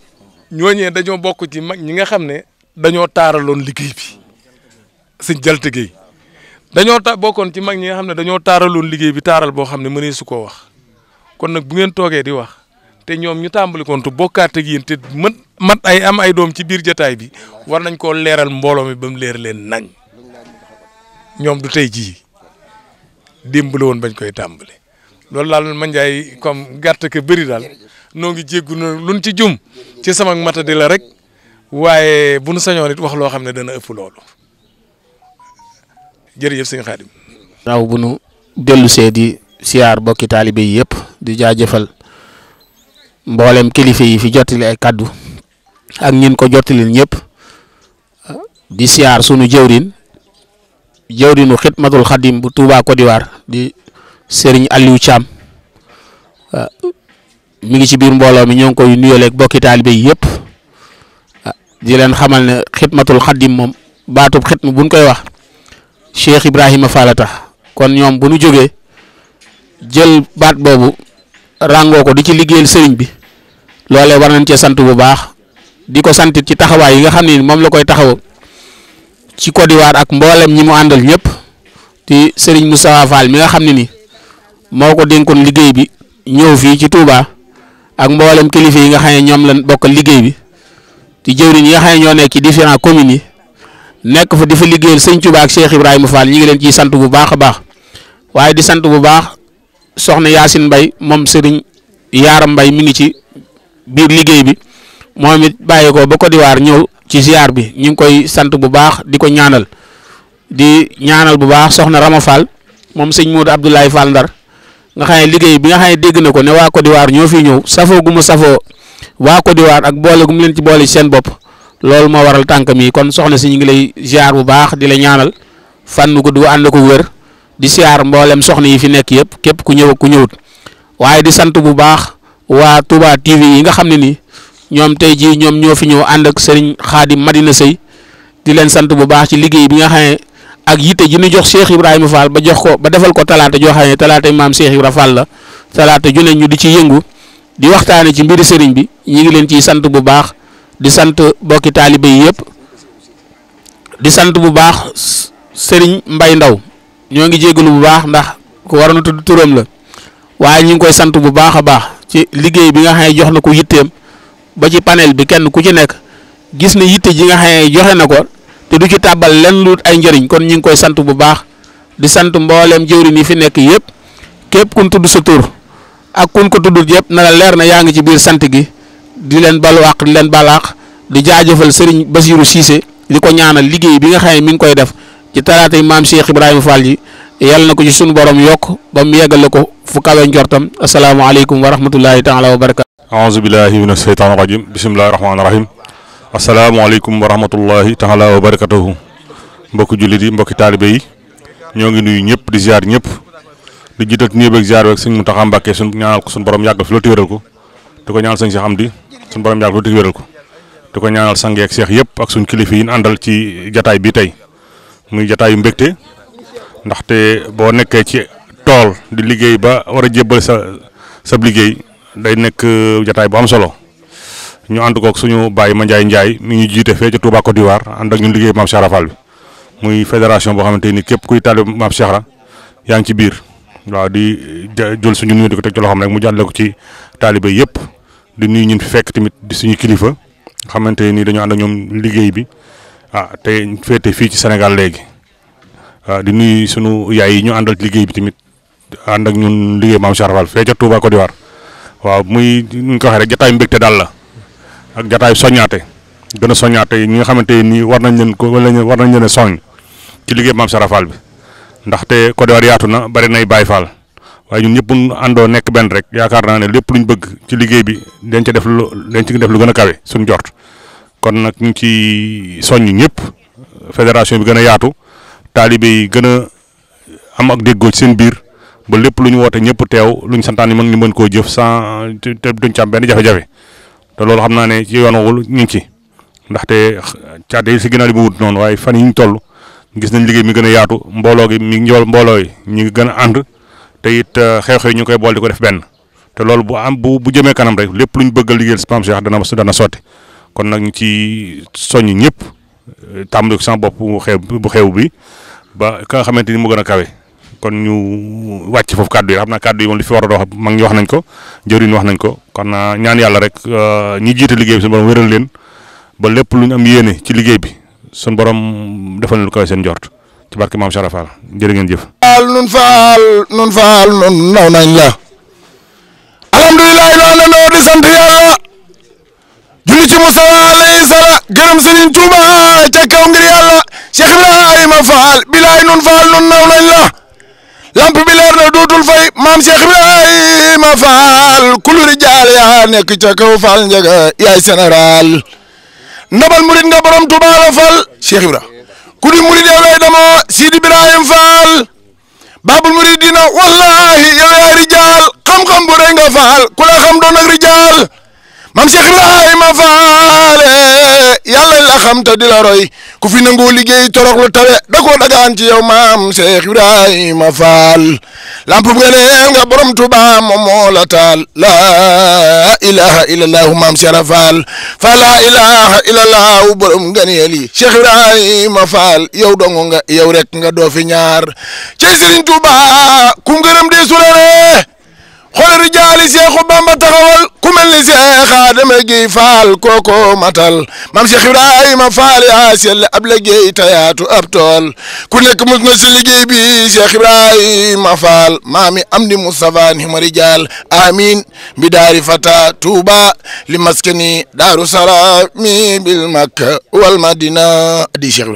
H: ñooñee dañoo bokk ci mag ñi nga xam ne dañoo taaraloon liggéey bi sëñ Jalte Guèye dañoo ta bokkoon ci mag ñi nga xam ne dañoo taaraloon liggéey bi taaral boo xam ne mënee su koo wax kon nag bu ngeen toogee di wax. te ñoom ñu tàmbali kon tu bokkaat ak yéen te mat mat ay am ay doom ci biir jataay bi war nañ koo leeral mbooloo mi ba mu leer leen nañ ñoom du tey jii démb woon bañ koy tàmbali loolu daal man jaay comme gàtt ke bëri daal noo ngi jéggu luñ ci jum ci sama di la rek waaye bu nu sañoon it wax loo xam ne dana ëpp loolu jërëjëf sëñ Xaadim.
C: raw bu nu dellu see di siyaar bokki taalibe yi yëpp di jaajëfal. mboolem kilifa yi fi jottali ay kàddu ak ñin ko jottalil ñépp di siyaar sunu jëwrin jëwrinu xidmatul xadim bu Touba Côte di sëriñ Aliou Thiam mi ngi ci biir mbooloo mi ñoo ngi koy nuyooleeg bokki taalibe yi yépp di leen xamal ne xidmatul xadim moom baatub xidma buñ koy wax Cheikh Ibrahima Fall kon ñoom bu nu jógee jël baat boobu ràngoo ko di ci liggéeyal sëriñ bi loole war nañ cee sant bu baax di ko sant ci taxawaay yi nga xam ne moom la koy taxaw ci Côte ak mboolem ñi mu àndal ñëpp ti sëriñ Moustapha Fall mi nga xam ne ni moo ko dénkoon liggéey bi ñëw fii ci Touba ak mboolem kilifa yi nga xam ne ñoom lañ bokk liggéey bi di jëwriñ yi nga xam ne ñoo nekk ci différents communes yi nekk fa di fa liggéeyal sëñ Touba ak seex Ibrahima Fall ñi ngi leen ciy sant bu baax a baax waaye di sant bu baax soxna Yacine Mbaye moom sëriñ Yaara Mbaye mi ngi ci. biir liggéey bi moom it bàyyi ko ba Côte d'Ivoire ñëw ci ziar bi ñu ngi koy sant bu baax di ko ñaanal di ñaanal bu baax soxna Rama Fall moom sëñ Modou Abdoulaye Fall Ndar nga xam ne liggéey bi nga xam ne dégg na ko ne waa Côte ñoo fi ñëw safoo gu mu safoo waa Côte ak boole gu mu leen ci boole seen bopp loolu moo waral tànk mi kon soxna si ñu ngi lay ziar bu baax di la ñaanal fànn gudd ànd ko wér di ziar mbooleem soxna yi fi nekk yëpp képp ku ñëw ku ñëwut waa Touba TV yi nga xam ne ni ñoom tey jii ñoom ñoo fi ñëw ànd ak Serigne Khadim Madina Seye di leen sant bu baax ci liggéey bi nga xam ne ak yitte ji nu jox Cheikh Ibrahima Fall ba jox ko ba defal ko talaata joo xam ne talaata maam Cheikh Ibrahima Fall la talaata ju ne ñu di ci yëngu di waxtaane ci mbiri sëriñ bi ñu ngi leen ciy sant bu baax di sant bokki taalibe yi yëpp di sant bu baax sëriñ Mbay Ndaw ñoo ngi jégalu bu baax ndax ku waroon a tudd turam la waaye ñu ngi koy sant bu baax a baax. ci liggéey bi nga xam ne jox na ko yitteem ba ci paneel bi kenn ku ci nekk gis na yitte ji nga xam ne joxe na ko te du ci tàbbal lenn lu ay njëriñ kon ñu ngi koy sant bu baax di sant mbooleem jëwriñ yi fi nekk yëpp képp kun tudd sa tur ak kun ko tuddul yëpp na la leer na yaa ngi ci biir sant gi di leen balu àq di leen balaax di jaajëfal sëriñ Basiirou Cissé di ko ñaanal liggéey bi nga xam ne mi ngi koy def ci talaatay maam Cheikh Ibrahima Fall yi
I: yàlla na ko ci sunu borom yokk ba mu yeggale ko fu kawe njortam asalaamaaleykum wa rahmatullahi taala wa barakaatu. aouzu billahi min asheytaan rajim bisimilahi rahmaani rahim asalaamaaleykum wa rahmatullahi mbokki jullit yi mbokki taalibe yi ñoo ngi nuyu ñëpp di ziar ñëpp di jiital nuyu beeg ziar beeg suñ Muntaxa suñ ñaanal ko suñu borom yàggal fi la téwéral ko di ko ñaanal di ko ñaanal sangeeg seex yëpp ak suñ kilifa yi àndal ci jataay bi tey muy jataay yu mbégte ndaxte boo nekkee ci tool di liggéey ba war a jébbal sa sab liggéey day nekk uh, jataay bu am solo ñu ànd kook suñu baay ma Ndiaye Ndiaye mi ñu jiite fee ci Touba d'Ivoire ànd ak ñun liggéey bi muy fédération boo xamante ni képp kuy taalib Mame Cheikh Ibra yaa ngi ci biir waaw di jël suñu nuyu di ko teg ci loxoom rek mu jàllale ko ci taalibe yëpp di nuyu ñun fi fekk tamit di suñu kilifa xamante ni dañoo ànd ak ñoom liggéey bi ah te féete fii ci Sénégal léegi. Ah, di nuyu sunu yaay yi ñu àndal ci liggéey bi tamit ànd ak ñun liggéey maam Cheikh Fall fee ca Touba Côte d'Ivoire waaw muy nu ñu ko waxee rek jataayu mbégte daal la ak jataayu soññaate gën a soññaate ñi nga xamante nii war nañ leen ko wala war nañ leen a soññ ci liggéey maam Cheikh bi ndax te d'Ivoire yaatu na bari nay Baye Fall waaye ñun ñëpp àndoo nekk benn rek yaakaar naa ne lépp luñ bëgg ci liggéey bi dañ def lu dañ ci def lu gën a kawe suñ jort kon nag ñu ci soññ ñëpp fédération bi gën a yaatu taalibe yi gën a am ak déggoo ci seen biir ba lépp lu ñu woote ñëpp teew lu ñu santaan mën ñu mën koo jëf san te duñ ci am benn jafe te loolu xam naa ne ci yoon wul ñu ngi ci ndaxte caate yi si ginnaaw li mu noonu waaye fan yi ñu toll gis nañ liggéey mi gën a yaatu mbooloo gi mi njool mbooloo yi ñu ngi gën a ànd te it euh, xew-xew ñu koy bool di ko def benn te loolu bu am bu bu jëmee kanam rek lépp lu ñu bëgg a liggéeyal si Maam Cheikh dana dana sotti kon nag ñu ci soññ ñëpp Euh, tàmbali ko sama bopp bu xew bi ka nga xamante ni mu gën a kawe kon ñu wàcc foofu kàddu yi xam naa kàddu yi moom li fi war a wax mag ñi wax nañ ko jëriñ wax nañ ko kon ñaan yàlla rek euh, ñi jiite liggéey bi suñu borom ba lépp lu ñu am ci liggéey bi suñu borom defal lu kawe seen njort ci barke maam Sarafal jërë ngeen jëf.
J: faal nun faal nun faal nun naw nañ la. julli ci Musa alayhi sala gërëm Serigne Touba ca kaw ngir yàlla Cheikh Ibrahima Faal bilaay nun faal nun naw lañ la lamp bi leer na dootul fay maam Cheikh Ibrahima Faal kulu rijaal yaa nekk ca kaw faal njëga yaay général ndabal murit nga borom Touba la faal Cheikh Ibra ku di murit yow lay demoo Sidi Ibrahima Faal babul murit dina wallahi yow yaay rijaal xam-xam bu rëy nga faal ku la xam doon ak rijaal mam Cheikh Ibrahima Faale yàlla la xam te di roy ku fi nangoo liggéey torox tawe da koo dagaan ci yow maam Cheikh Ibrahima Faal lamp bu nga nga borom Tuubaa moom moo la taal laa ilaha illallah maam Cheikh Faal fa laa ilaha illallah borom nga neel yi Cheikh Faal yow dong nga yow rek nga doo ñaar ci Serigne Touba ku ngërëm de su la xool rijaali seexu bamba taxawal ku mel ni seex Adama faal kooko matal maam Cheikh Ibrahima faal yaa sell ab liggéey tayaatu ab tool ku nekk mus nga sa liggéey bi Cheikh Ibrahima faal maami Amdi Moustapha ni ma rijaal amiin bi daari fata Touba li maskani daaru salaam mi bil makka wal madina di Cheikh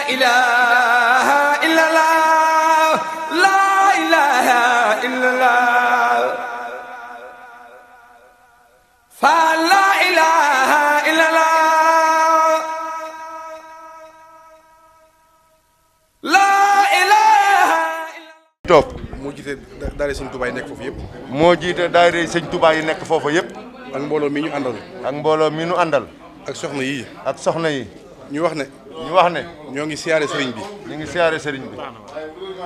D: toog. moo jiite daayira sëñ Touba yi nekk foofu yëpp. moo jiite daayira sëñ Touba yi nekk foofu yëpp. ak mbooloo mi ñu àndal. ak mbooloo mi ñu àndal. ak soxna yi. ak soxna yi. ñu wax ne. ñu wax ne. ñoo ngi siyaare sëriñ bi. ñu ngi siyaare sëriñ bi.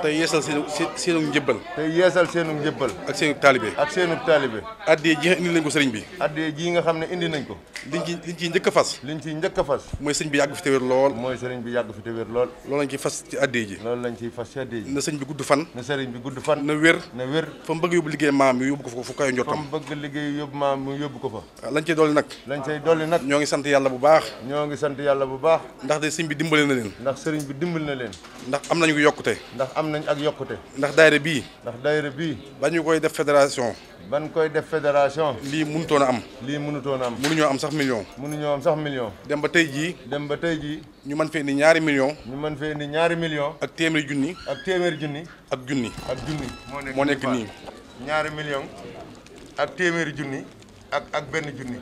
D: tey yeesal seen seenu njëbbal tey yeesal seenu njëbbal ak seenu taalibe ak seenu taalibe addee ji indi nañ ko sëriñ bi addee ji nga xam ne indi nañ ko liñ ci liñ njëkk fas liñ ciy njëkk a fas mooy sëriñ bi yàgg fi te wér lool mooy sëriñ bi yàgg fi te lool loolu lañ ciy fas ci addee ji loolu lañ ciy fas ci addee ji na sëriñ bi gudd fan na sëriñ bi gudd fan na wér fa mu bëgg yóbbu liggéey maam yi yóbbu ko fa fu kayo njortam fa mu bëgg liggéey yóbbu maam yi yóbbu ko fa ah, lañ ciy dolli nag lañ ñoo ngi sant yàlla bu baax ñoo ngi sant yàlla bu baax ndax de bi dimbali na leen ndax sëriñ bi dimbali na leen ndax am nañu ko am nañ ak yokkute. ndax daayira bii. ndax dayre bii. ba ñu koy def fédération. ban koy def fédération. lii mënutoon a am. lii mënutoon am am. ñoo am sax million. mënuñoo am sax million. dem ba tey jii. dem ba tey jii. ñu mën fee ni ñaari million. ñu mën fee indi ñaari million. ak téeméeri junni. ak téeméeri junni. ak junni. ak junni. moo moo nekk nii. ñaari million ak téeméeri
K: junni. ak ak benn junni.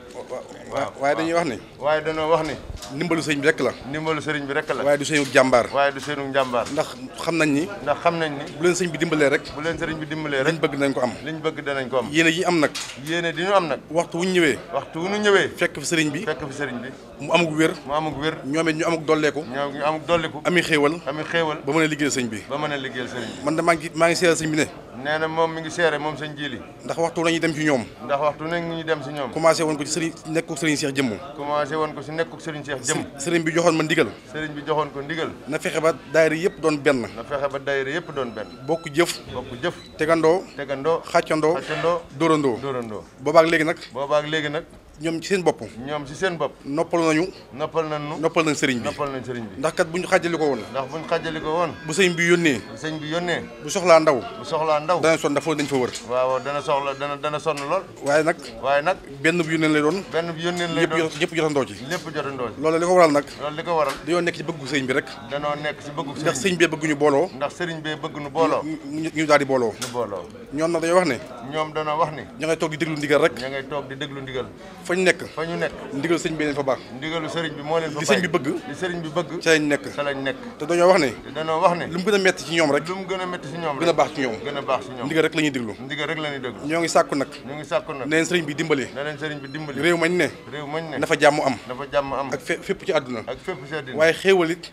K: waaw waaye dañuy wax
D: ni. waaye dañoo wax ni. ndimbalu sëriñ bi rek la. ndimbalu sëriñ bi rek la. waaye du seenu jàmbaar. waaye du seenu jàmbaar. ndax xam nañ ni. ndax xam nañ ni. bu leen sëriñ bi dimbalee rek. bu leen sëriñ bi dimbalee rek. liñ bëgg danañ ko am. liñ bëgg danañ ko am. yéene yi am nag. yéene di ñu am nag. waxtu wu ñu ñëwee. waxtu wu ñu ñëwee. fekk fi sëriñ bi. fekk fi sëriñ bi. mu amug wér. mu amug wér. ñoom it ñu amug dolleeku. ñoom ñu amug dolleeku. ami xéewal. ami xéewal. ba mën a liggéeyal sëriñ bi.
K: ba mën a liggéeyal sëriñ
D: bi. man de maa ngi maa ngi seeral sëriñ bi ne
K: nee moom mi ngi seere moom sëñ Jili
D: ndax waxtu nañu dem ci ñoom ndax waxtu na ñu dem si ñoom commencé woon ko ci sëriñ nekkuk sëriñ Cheikh jëmm
K: commencé woon ko si nekkuk sëriñ Cheikh jëmm sëriñ bi joxoon ma ndigal
D: sëriñ bi joxoon ko ndigal na fexe ba daayira yëpp doon benn na fexe ba daayira yëpp doon benn bokk jëf bokk jëf tegandoo tegandoo xàccandoo xàccandoo dóorandoo dóorandoo boobaak léegi nag boobaak léegi nag ñoom ci seen bopp. ñoom ci seen bopp. noppal nañu. noppal nañu. noppal nañ sëriñ bi noppal nañ sëriñ bi. ndax kat bu ñu xàjjali ko woon. ndax bu ñu xàjjali ko woon. bu sëñ bi yónnee. bu sëñ bi yónnee. bu soxlaa ndaw. bu soxlaa ndaw dana sonn dafa dañ fa wër.
K: waaw dana soxla dana dana sonn lool.
D: waaye nag. waaye nag benn bu yónneen lay doon. benn bu yónneen lay doon ñëpp jotandoo ci. ñëpp jotandoo ci. loolu li ko waral nag. loolu li ko waral. dañoo nekk ci bëggu sëriñ bi rek. dañoo nekk ci bëggu sëriñ bi ndax sëriñ bee bëgg ñu booloo. ndax sëriñ bee bëgg ñu booloo. ñu daal di booloo. ñu booloo ñoom nag dañoo wax ne. ñoom dañoo wax ne. ña ngay toog di déglu ndigal rek. ña ngay toog di déglu ndigal fa ñu nekk ndigalu sëriñ bi moo leen fa baax li sëriñ bi bëgg li sëriñ bi bëgg ca nekk te dañoo wax ne dañoo wax ne lu mu gën a metti ci ñoom rek lu mu gën a metti ci ñoom rek gën a baax ci gën a baax ci ñoom rek la ñuy déglu ndigal rek la ñuy déglu ñoo ngi sàkku nag ñoo na leen sëriñ bi dimbali na leen sëriñ bi dimbali réew mañ ne réew mañ jàmm am ak fépp fépp ci àdduna waaye xéewalit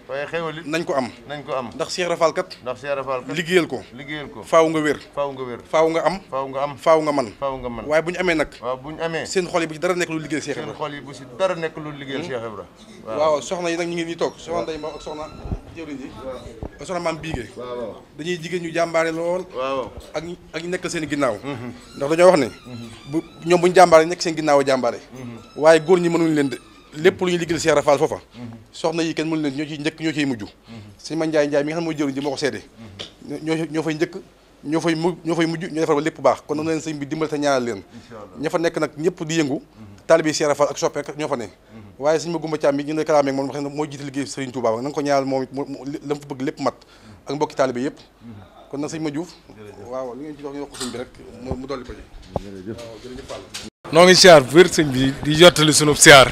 D: nañ ko am nañ ko am ndax Cheikh Rafal kat ndax Cheikh Rafal kat liggéeyal ko liggéeyal ko faaw nga wér faaw nga am faaw nga am faaw nga man waaye bu ñu amee nag bu ñu amee seen xol yi bu ci dara nekk lu liggéey Cheikh yi bu si nekk lu liggéey Cheikh Ibra hmm? yi nag ñu ngi nii toog soxna Ndeye Mbaw ak soxna jëwriñ ji ak dañuy jigéen ñu jàmbaare lool ak ak ñu nekk seen ginnaaw hmm, hmm. ndax dañoo wax ne bu ñoom bu ñu jàmbaare nekk seen ginnaaw jàmbaare waaye góor ñi mënuñu leen de lépp lu ñu liggéeyal Cheikh Ibra Fall foofa soxna yi kenn mënu leen ñoo ci njëkk ñoo ciy mujj sëñ Ma Njaay Njaay mi nga xam mooy jëwriñ ji moo ko seede ñoo ñoo fay njëkk ñoo fay mu ñoo fay mujj ñoo defar ba lépp baax kon na leen sëñ bi dimbal te ñaanal leen ña fa nekk nag ñëpp di yëngu taalibi Cheikh Rafal ak soppe ñoo fa ne waaye suñu ma gumba càam bi ñu ne kalaamee moom xam ne mooy jiite liggéey Serigne Touba na nga ko ñaanal moom la mu fa bëgg lépp mat ak mbokki taalibi yëpp kon nag sëñ ma Diouf waaw ko
H: sëñ bi ci siyaar bu wér sëñ bi di jottali sunub siyaar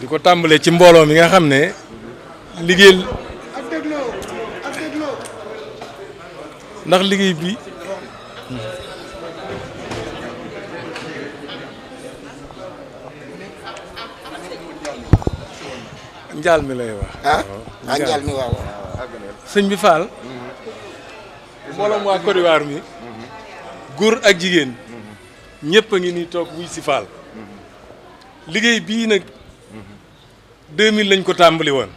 H: di ko tàmbalee ci mbooloo mi nga xam ne liggéey ndax liggéey bi njaal mi lay wax. Ah, ah, sëñ bi Fall. mbooloom waa Côte mi. góor ak jigéen. ñëpp a ngi nii toog wuy si Fall. liggéey bii nag. 2000 lañ ko tàmbali woon.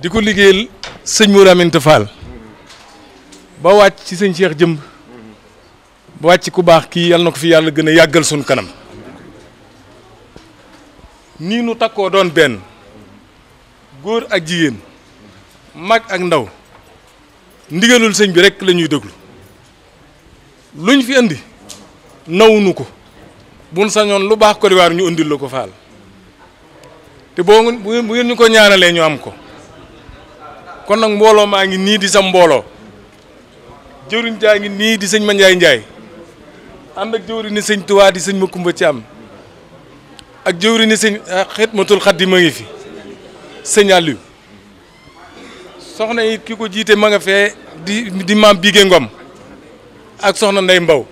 H: di ko liggéeyal sëñ Mourou Aminta Fall. ba wàcc ci sëñ seex Jëmb. ba wàcc ku baax kii yal na ko fi yàlla gën a yàggal sunu kanam. nii nu takkoo doon benn. góor ak jigéen mag ak ndaw ndigalul sëñ bi rek lañuy ñuy déglu luñ fi indi nawunu ko buñ sañoon lu baax Côte ñu indil la ko faal te boo bu ngeen ñu ko ñaanalee ñu am ko kon nag mbooloo maa ngi nii di sam mbooloo jëwriñ jaa ngi nii di sëñ ma Mandiaye Ndiaye ànd ak jëwriñ ni sëñ Tuubaa di sëñ Makumba Caam ak jëwriñ ni sëñ ah, Xidmatul Xaadim ma ngi fi Sëñ soxna yi ki ko jiite ma nga fee di di maam Bigué Ngom ak soxna Ndey Mbaw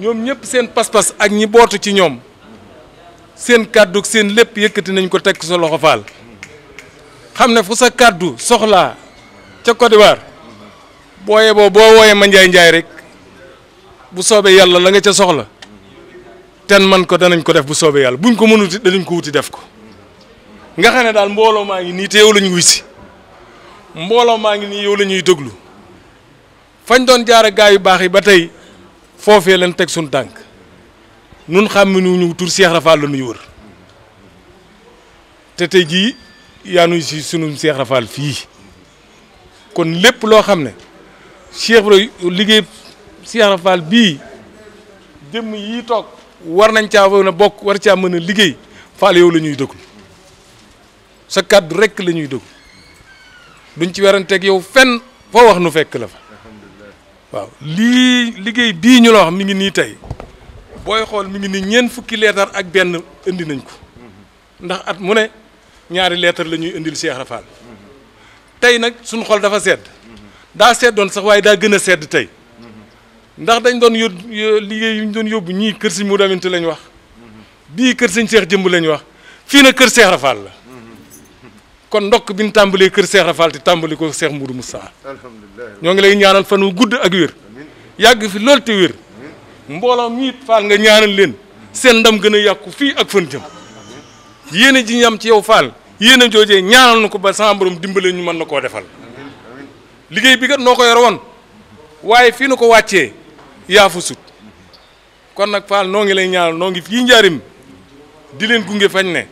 H: ñoom ñëpp seen pas-pas ak ñi bootu ci ñoom seen kàddu seen lépp yëkkati nañ ko teg sa loxo ne fu sa kàddu ca Côte d'Ivoire booye boo boo wooyee ma njaay njaay rek bu soobee yàlla la nga ca soxla ten man ko danañ ko def bu soobee yàlla buñ ko mënuti danañ ko wuti def ko nga xam ne daal mbooloo maa ngi nii te yow la ñu wuy si mbooloo maa ngi nii yow la ñuy déglu fañ doon jaare gaa yu baax yi ba tey foofee leen teg suñu tànk nun xàmminuñu tur Seex Rafaal la ñuy wër te tey jii yaa nuy si sunu Seex Rafaal fii kon lépp loo xam ne Seex liggéey Seex Rafaal bii jëmm yii toog war nañ caa na bokk war caa mën liggéey faal yow la ñuy déglu sa kàddu rekk la ñuy dugg duñ ci weranteeg yow fenn foo wax nu fekk la fa waaw lii liggéey bii ñu la wax mi ngi nii tey booy xool mu ngi nii ñeent fukki leetar ak benn indi nañ ko mm-hmm. ndax at mu ne ñaari leetar lañuy indil seex Cheikh Rafal mm-hmm. tey nag suñ xol dafa sedd mm-hmm. daa seddoon sax waaye daa gën a sedd tey ndax dañ doon yóbbu liggéey yu ñu doon yóbbu ñii kër sëñ mu Aminta lañ wax bii kër sëñ seex Jëmb lañ wax fii nag kër seex Rafal la kon ndokk bi ñu tàmbalee kër Cheikh Rafal te tàmbali ko Cheikh mu Moussa ñoo ngi lay ñaanal fan wu gudd ak wér yàgg fi lool te wér mbooloo mi it faal nga ñaanal leen seen ndam gën a yàkku fii ak fan jëm yéene ji ñam ci yow faal yéene joojee ñaanal na ko ba sama borom dimbale ñu mën na koo defal liggéey bi kat noo ko yor woon waaye fii na ko wàccee yaa fa sut kon nag faal noo ngi lay ñaanal noo ngi fii njaarim di leen gunge fañ ne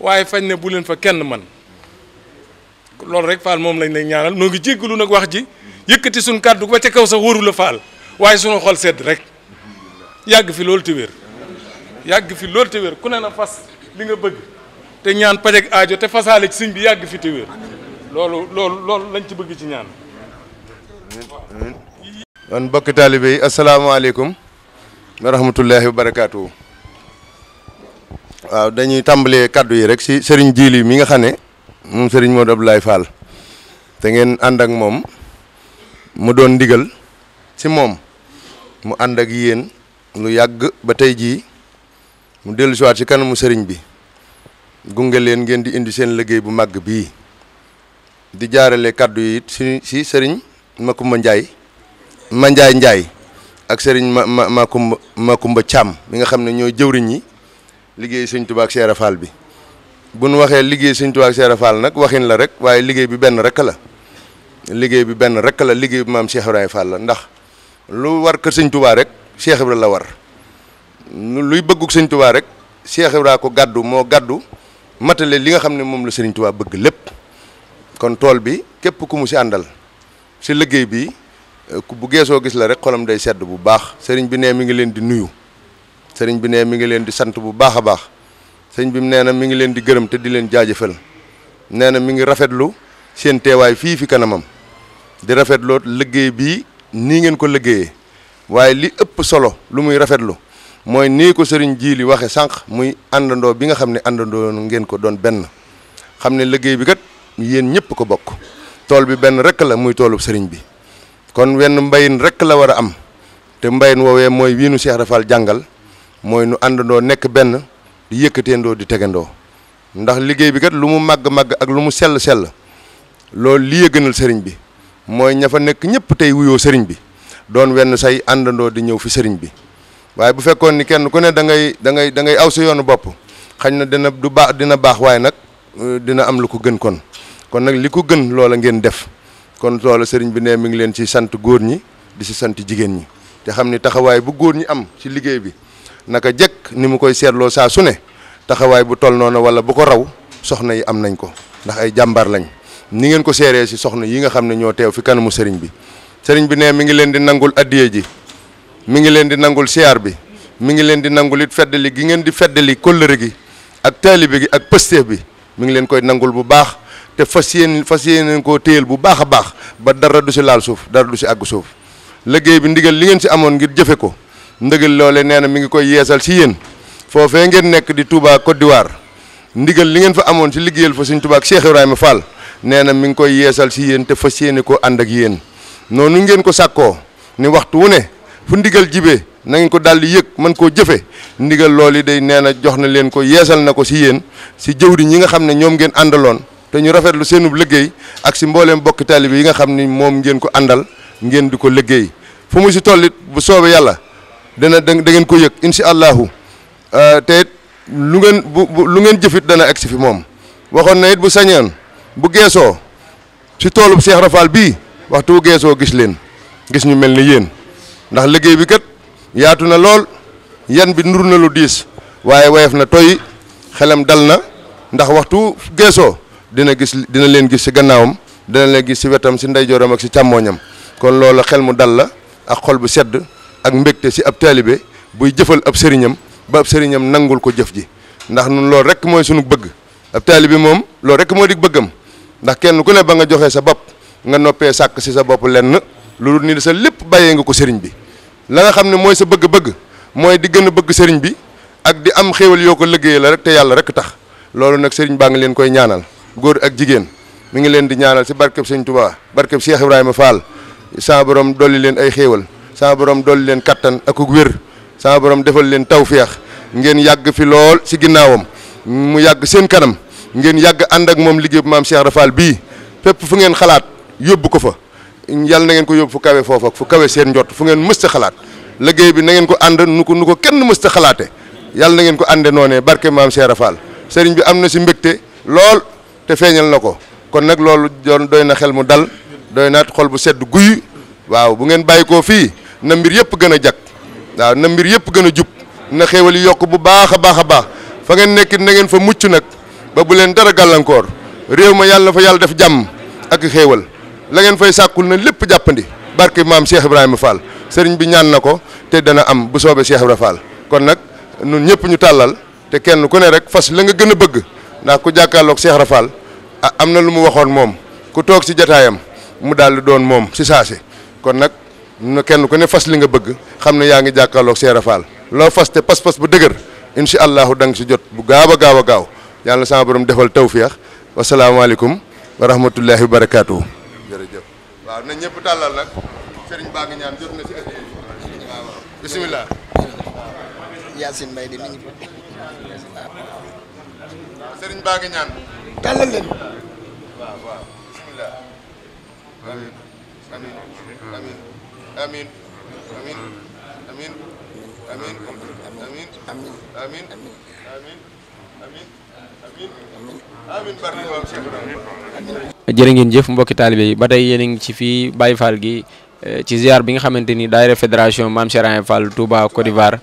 H: waaye fañ ne bu fa kenn man loolu rek faal moom lañ lay ñaanal noo ngi jéggalu nag wax ji yëkkati suñ kàddu ba ca kaw sax wóoru la faal waaye suñu xol sedd rek yàgg fi loolu te yàgg fi loolu te wér ku ne na li nga bëgg te ñaan paj ak aajo bi yàgg fi te loolu lañ ci bëgg ci ñaan
K: man mbokki taalibe yi asalaamaaleykum wa rahmatullahi wa barakaatu. waaw dañuy tàmbalee kàddu yi rek si sëriñ Jiili mi nga xam ne moom sëriñ Modou Abdoulaye Fall te ngeen ànd ak moom mu doon digal si moom mu ànd ak yéen lu yàgg ba tey jii mu dellusiwaat siwaat ci kanamu sëriñ bi gunge leen ngeen di indi seen liggéey bu màgg bii di jaarale kàddu yi ci ci sëriñ Makumba Njaay ma Njaay Njaay ak sëriñ ma ma Makumba Makumba Caam mi nga xam ne ñooy jëwriñ yi liggéey sëñ Tuubaa ak Seera Faal bi bu nu waxee liggéey Sëñ Tuubaa ak Cheikh Fall nag waxin la rek waaye liggéey bi benn rek la liggéey bi benn rek la liggéey bi maam Cheikh Ibrahima Fall la ndax lu war kër Sëñ Tuubaa rek Cheikh Ibra la war luy bëggug Sëñ Tuubaa rek Cheikh Ibra ko gàddu moo gàddu matale li nga xam ne moom la Sëriñ Tuubaa bëgg lépp kon tool bi képp ku mu si àndal si liggéey bi eh, bu geesoo gis la rek xolam day sedd bu baax sëriñ bi nee mi ngi leen di nuyu sëriñ bi ne mi ngi leen di sant bu baax a baax sëñ bi nee na mi ngi leen di gërëm te di leen jaajëfal nee na mi ngi rafetlu seen teewaay fii fi kanamam di rafetloo liggéey bii nii ngeen ko liggéeyee waaye li ëpp solo lu muy rafetlu mooy nii ko sëriñ ji li waxe sànq muy àndandoo bi nga xam ne àndandoo ngeen ko doon benn xam ne liggéey bi kat yéen ñëpp ko bokk tool bi benn rek la muy toolub sëriñ bi kon wenn mbayin rek la war a am te mbayin woowee mooy nu Cheikh Rafal jàngal mooy nu àndandoo nekk benn di yëkkateendoo di tegandoo ndax liggéey bi kat lu mu màgg-màgg ak lu mu sell-sell loolu li gënal sëriñ bi mooy ña fa nekk ñëpp tey wuyoo sëriñ bi doon wenn say àndandoo di ñëw fi sëriñ bi waaye bu fekkoon ni kenn ku ne da ngay da ngay da aw si yoonu bopp xañ na dina du baax dina baax waaye nag euh, dina am lu ko gën kon kon nag li ko gën loola ngeen def kon loola sëriñ bi ne mi ngi leen ci sant góor ñi di si sant jigéen ñi te xam ni taxawaay bu góor ñi am ci liggéey bi naka jëkk ni mu koy seetloo saa su ne taxawaay bu toll noonu wala bu ko raw soxna yi am nañ ko ndax ay jàmbaar lañ ni ngeen ko seeree si soxna yi nga xam ne ñoo teew fi kanamu sëriñ bi sëriñ bi nee mi ngi leen di nangul addiye ji mi ngi leen di nangul siyaar bi mi ngi leen di nangul it feddali gi ngeen di feddali kollëre gi ak taalibe gi ak pësteef bi mi ngi leen koy nangul bu baax te fas yéen fas yéen koo téyel bu baax a baax ba dara du si laal suuf dara si àgg suuf liggéey bi ndigal li ngeen si amoon ngir jëfe ko ndëgal loole nee na mi ngi koy yeesal si yéen foofee ngeen nekk di Touba Côte d'Ivoire ndigal li ngeen fa amoon ci liggéeyal fa suñ tubaak ak Cheikh Ibrahima Fall nee na mi ngi koy yeesal si yéen te fas yéene ko ànd ak yéen noonu ngeen ko sàkkoo ni waxtu wu ne fu ndigal jibee na ko daal di yëg mën koo jëfe ndigal loolu day nee na jox na leen ko yeesal na ko si yéen si jëw jëwriñ ñi nga xam ne ñoom ngeen àndaloon te ñu rafetlu seenub liggéey ak si mbooleem bokki taalibe yi nga xam ni moom ngeen ko àndal ngeen di ko liggéey fu mu ci bu soobee yàlla dana da ngeen ko yëg incha allahu euh, te lu ngeen bu lu ngeen jëfit dana egsi fi moom waxoon na it bu sañaan bu geesoo si toolub Cheikh Rafal bii waxtu geesoo gis leen gis ñu mel ni yéen ndax liggéey bi kat yaatu na lool yan bi nur na lu diis waaye woyof na toy xelam dal na ndax waxtu geesoo dina gis dina leen gis ci gannaawam dina leen gis si wetam si ndeyjooram ak ci càmmooñam kon loolu xel mu dal la ak xol bu sedd ak mbégte si ab taalibe buy jëfal ab sëriñam ba ab sëriñam nangul ko jëf ji ndax nun loolu rek mooy sunu bëgg ab taalibe moom loolu rekk moo di bëggam ndax kenn ku ne ba nga joxee sa bopp nga noppee sàkk si sa bopp lenn loolu ni sa lépp bàyyee nga ko sëriñ bi la nga xam ne mooy sa bëgg-bëgg mooy di gën a bëgg sëriñ bi ak di am xéewal yoo ko liggéey la rek te yàlla rek tax loolu nag sëriñ baa ngi leen koy ñaanal góor ak jigéen mu ngi leen di ñaanal si barkeb sëñ Tuubaa barkeb Cheikh Ibrahima Fall saa borom dolli leen ay xéewal sama boroom dool leen kattan akuk wér sama borom defal leen tawféex ngeen yàgg fi lool si ginnaawam mu yàgg seen kanam ngeen yàgg ànd ak moom liggéey bu maam Cheikh Rafal bii fépp fu ngeen xalaat yóbbu ko fa yàlla na ngeen ko yóbbu fu kawe foofa fu kawe seen njott fu ngeen mës a xalaat liggéey bi na ko ànd nu ko nu ko kenn mës a xalaate yàlla na ngeen ko ànde noonee barke maam Cheikh Rafal sëriñ bi am na si mbégte lool te feeñal na ko kon nag loolu doon doy na xel mu dal doy naat xol bu sedd guy waaw bu ngeen bàyyi koo fii na mbir yëpp gën a jag waaw na mbir yëpp gën a jub na xéewal yi yokk bu baax a baax a baax fa ngeen nekkit na ngeen fa mucc nag ba bu leen dara gàllankoor réew ma yàlla na fa yàlla def jàmm ak xéewal la ngeen fay sàkkul na lépp jàppandi barke maam Cheikh ma Fall sëriñ bi ñaan na ko te dana am bu soobee Cheikh Ibrahima kon nag ñun ñëpp ñu tàllal te kenn ku ne rek fas la nga gën a bëgg ndax ku jàkkaarloog Cheikh Ibrahima a ah, am na lu mu waxoon moom ku toog si jataayam mu daal di doon moom si na kenn ku ne fas li nga bëgg xam ne yaa ngi jàkkalook Seera Faal loo fas te pas-pas bu dëgër incha allahu da nga jot bu gaaw a gaaw a gaaw yàlla na sama borom defal tawfiix wasalaamaaleykum wa rahmatullahi wa barakaatu. jërëjëf waaw na ñëpp tàllal آمين
B: ngeen jëf mbokki taalibe yi ba tey yéen a ngi ci fii Baye Fall gi ci ziar bi nga xamante ni daayira fédération Mame Cheikh Fall Touba Côte d'Ivoire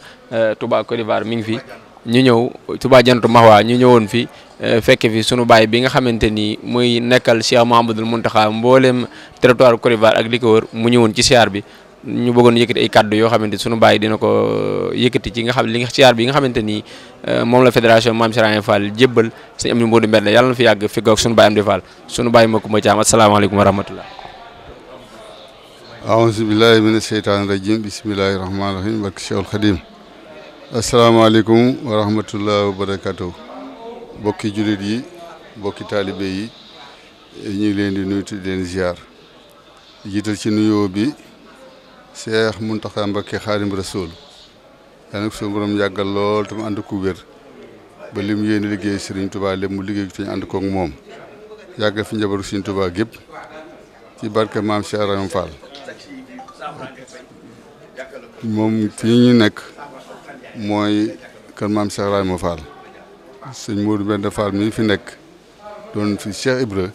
B: Touba Côte d'Ivoire mi ngi fi ñu ñëw Touba Jantu Mahwa ñu ñëwoon fi Euh, fekk fi sunu baay bi nga xamante ni muy nekkal Cheikh Mouhamadoul Mountakha mboolem territoire Côte d'Ivoire ak li ko wër mu ñëwoon ci siyaar bi ñu bëggoon yëkkati ay kàddu yoo xamante sunu baay dina ko euh, yëkkati ci nga xam li nga siyaar bi nga xamante ni euh, moom la fédération Mame Serigne Fall jébbal sëñ Amdi Modou Mbène yàlla
L: na fi yàgg fi goog sunu baay
B: Amdi Fall sunu baay ma ko ma caam asalaamaaleykum wa rahmatullah
L: aouzu billahi mina sheytaani rajim bismillahi rahmaani rahim wa rahmatullah bokki jullit yi bokki taalibe yi ñu leen di nuyu di leen ziar jiital ci nuyoo bi Seex Muntaxa Mbakke Xaadimu Rasuul yàlla nag suñu borom yàggal lool tam ànd ko wér ba lim yéen liggéey Sëriñ tubaa lépp mu liggéey te ñu ànd koog moom yàggal fi njabaru Sëriñ Tuubaa gépp ci barke maam Cheikh Rahim Fall moom fii ñu nekk mooy kër maam Cheikh Rahim Fall sëñ Modou Mbène Fall mii fi nekk doon fi Cheikh Ibra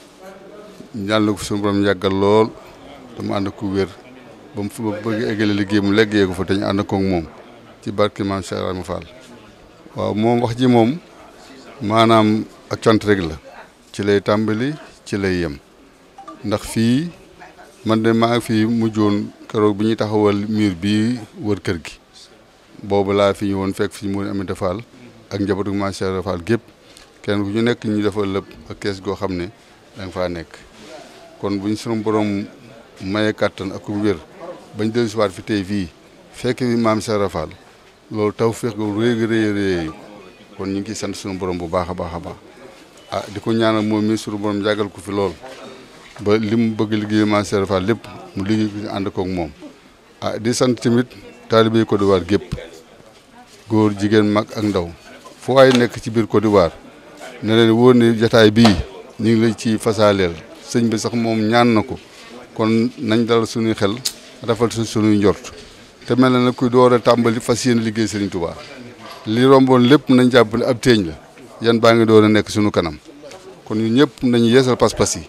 L: ñaan na ko fi suñu borom yàggal lool dama ànd ko wér liggéey mu leggee ko fa te moom ci barke maam waaw moom wax ji moom maanaam ak la ci lay tàmbali ci lay yem ndax fii man de maa ngi fi mujjoon keroog ñuy taxawal miir bii wër kër gi boobu laa fi woon fekk fi mu amee defaal ak njabootu Maam Cheikh Fall gépp kenn ku ñu nekk ñu defal lépp ak kees goo xam ne da faa nekk kon buñ sunu borom maye kàttan ak wér bañ dellusiwaat fi tey fii fekk bi Maam Cheikh Fall loolu taw feex gu réy kon ñu ngi ciy sant sunu borom bu baax a baax a baax ah di ko ñaanal moom mi sunu borom jàggal ko fi lool ba li mu bëgg liggéey Maam Cheikh Fall lépp mu liggéey ko ànd koog moom ah di sant tamit taalibe Côte d'Ivoire gépp góor jigéen mag ak ndaw fu waay nekk ci biir Côte d'Ivoire ne leen wóor jataay bii ñu ngi ci fasaaleel sëñ bi sax moom ñaan na ko kon nañ dal suñuy xel rafal su suñuy njort te mel na nag kuy door a tàmbali fas yéene liggéey Sëriñ Tuubaa li romboon lépp nañ jàpp ab teeñ la yan baa ngi door a nekk suñu kanam kon ñëpp nañu yeesal pas-pas yi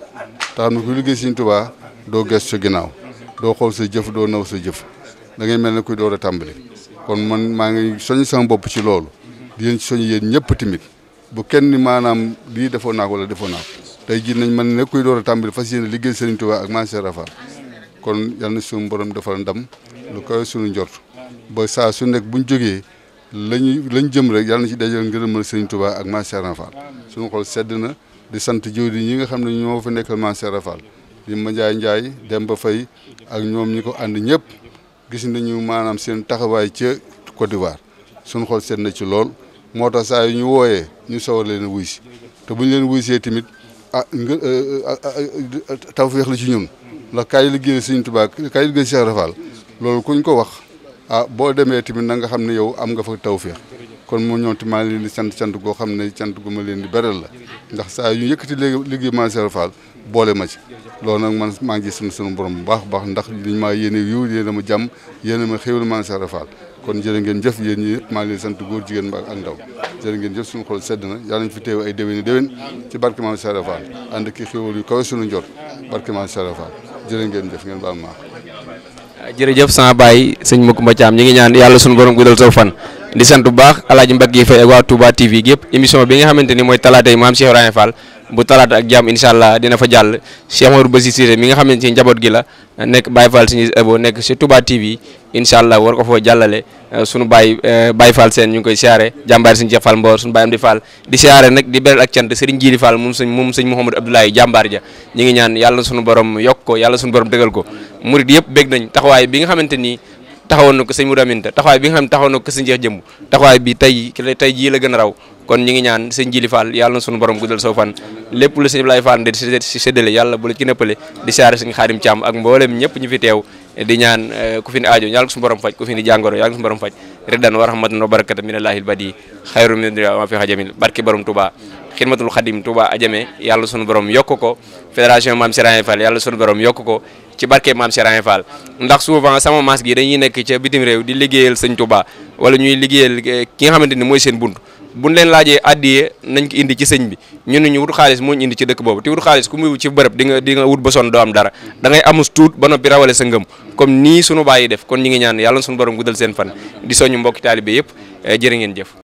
L: te xam ne kuy doo gestu sa ginnaaw doo xool sa jëf doo naw sa jëf da ngay mel ne kuy door a tàmbali kon man maa ngi soñ sama bopp ci loolu di leen soññ yéen ñëpp tamit bu kenn maanaam lii defoon naa ko wala defoon naa ko tey jii nañ man ne kuy door a tàmbali fas liggéey Serigne Touba ak Maam Cheikh kon yal na borom defal ndam lu koy suñu njort ba saa su nekk buñ jógee lañu lañ jëm rek yal na ci dajal ngërëmal Serigne Touba ak Maam Cheikh Rafa suñu xol sedd na di sant jiw di ñi nga xam ne ñoo fa nekk Maam Cheikh Rafa di ma Njaay Njaay Demba Faye ak ñoom ñi ko ànd ñëpp gis nañu maanaam seen taxawaay ci Côte d'Ivoire suñu xol sedd na ci lool moo tax saa yu ñu wooyee ñu sawar leen a wuy si te bu ñu leen wuy see tamit ah, eh, eh, ah, ah eh, tawfeex la ci ñun ndax kaay yi liggéey Sëriñ Tuubaa kaay yi liggéey Cheikh Rafal loolu kuñ ko wax ah boo demee tamit na nga xam ne yow am nga fa tawfeex kon moo ñoom tamit maa leen di sant cant goo xam ne cant gu ma leen di beral la ndax saa ñu yëkk yëkkati léegi liggéey maa Cheikh boole ma ci loolu nag man maa ngi sant sunu borom bu baax baax ndax liñ maa yéene yiw yéen a ma jam yéen a ma xéwal kon jërë ngeen jëf yéen ñi yëpp maa sant goor jigéen mag ak ndaw jërë ngeen jëf suñu xol sedd na yàlla nañ fi teew ay déwéni déwén ci barke maam Sara Fall ànd ki xéwal yu kawe suñu njot barke maam Sara Fall jërë ngeen jëf ngeen baal maa
B: jërëjëf sama baay sëñ Makumba Thiam ñi ngi ñaan yàlla suñu borom guddal sa fan di sant bu baax alaaji Mbacke Faye ak waa Touba TV gépp émission bi nga xamante ni mooy talaata yi maam Cheikh Ibrahima Fall bu talaata ak jàmm incha allah dina fa jàll la nekk Baye Fall suñu abo nekk si Touba TV incha allah euh, seen euh, ñu ngi koy siyaare jàmbaar suñu Cheikh Fall Mbor suñu Baye am di Fall di siyaare nag di beral ak cant Serigne Jili Fall moom moom sëñ Mouhamadou Abdoulaye jàmbaar ja ñu ngi ñaan yàlla suñu borom yokk ko yàlla suñu borom dëgal ko murid yëpp bég nañ taxawaay bi nga xamante taxawoon na ko sëñ Mourou Aminta taxawaay bi nga taxawaay bi tey jii la gën a raw kon ñu ngi ñaan sëñ Jili Fall yàlla na sunu borom guddal saw fan lépp lu sëñ Ablaye Fall di si séddale yàlla bu la ci nëppale di saare sëñ Xaadim Caam ak mboolem ñëpp ñu fi teew di ñaan eh, ku fi ni aajo yàlla ko suñu borom faj ku ni jàngoro yàlla ko borom faj riddan wa rahmatan wa barakatan min allahil badi xayru min dunya ma barke borom Tuubaa xidmatul xadim Touba Adjamé yàlla sunu borom yokk ko fédération Mame Serigne Fall yàlla sunu borom yokk ko ci barke Mame Serigne Fall ndax souvent sama mas gi dañuy nekk ca bitim réew di liggéeyal sëñ Touba wala ñuy liggéeyal eh, ki nga xamante ni mooy seen bunt buñ leen laajee addiye ci sëñ bi ñu ne ñu wut xaalis moo ñu indi ci dëkk boobu te wut xaalis ku muy wut ci bërëb di wut ba sonn doo am dara da amus tuut ba noppi rawale sa ngëm comme nii sunu yi def kon ñi ngi ñaan yàlla sunu borom guddal seen fan di soñu mbokki taalibe yëpp eh, jërë ngeen jëf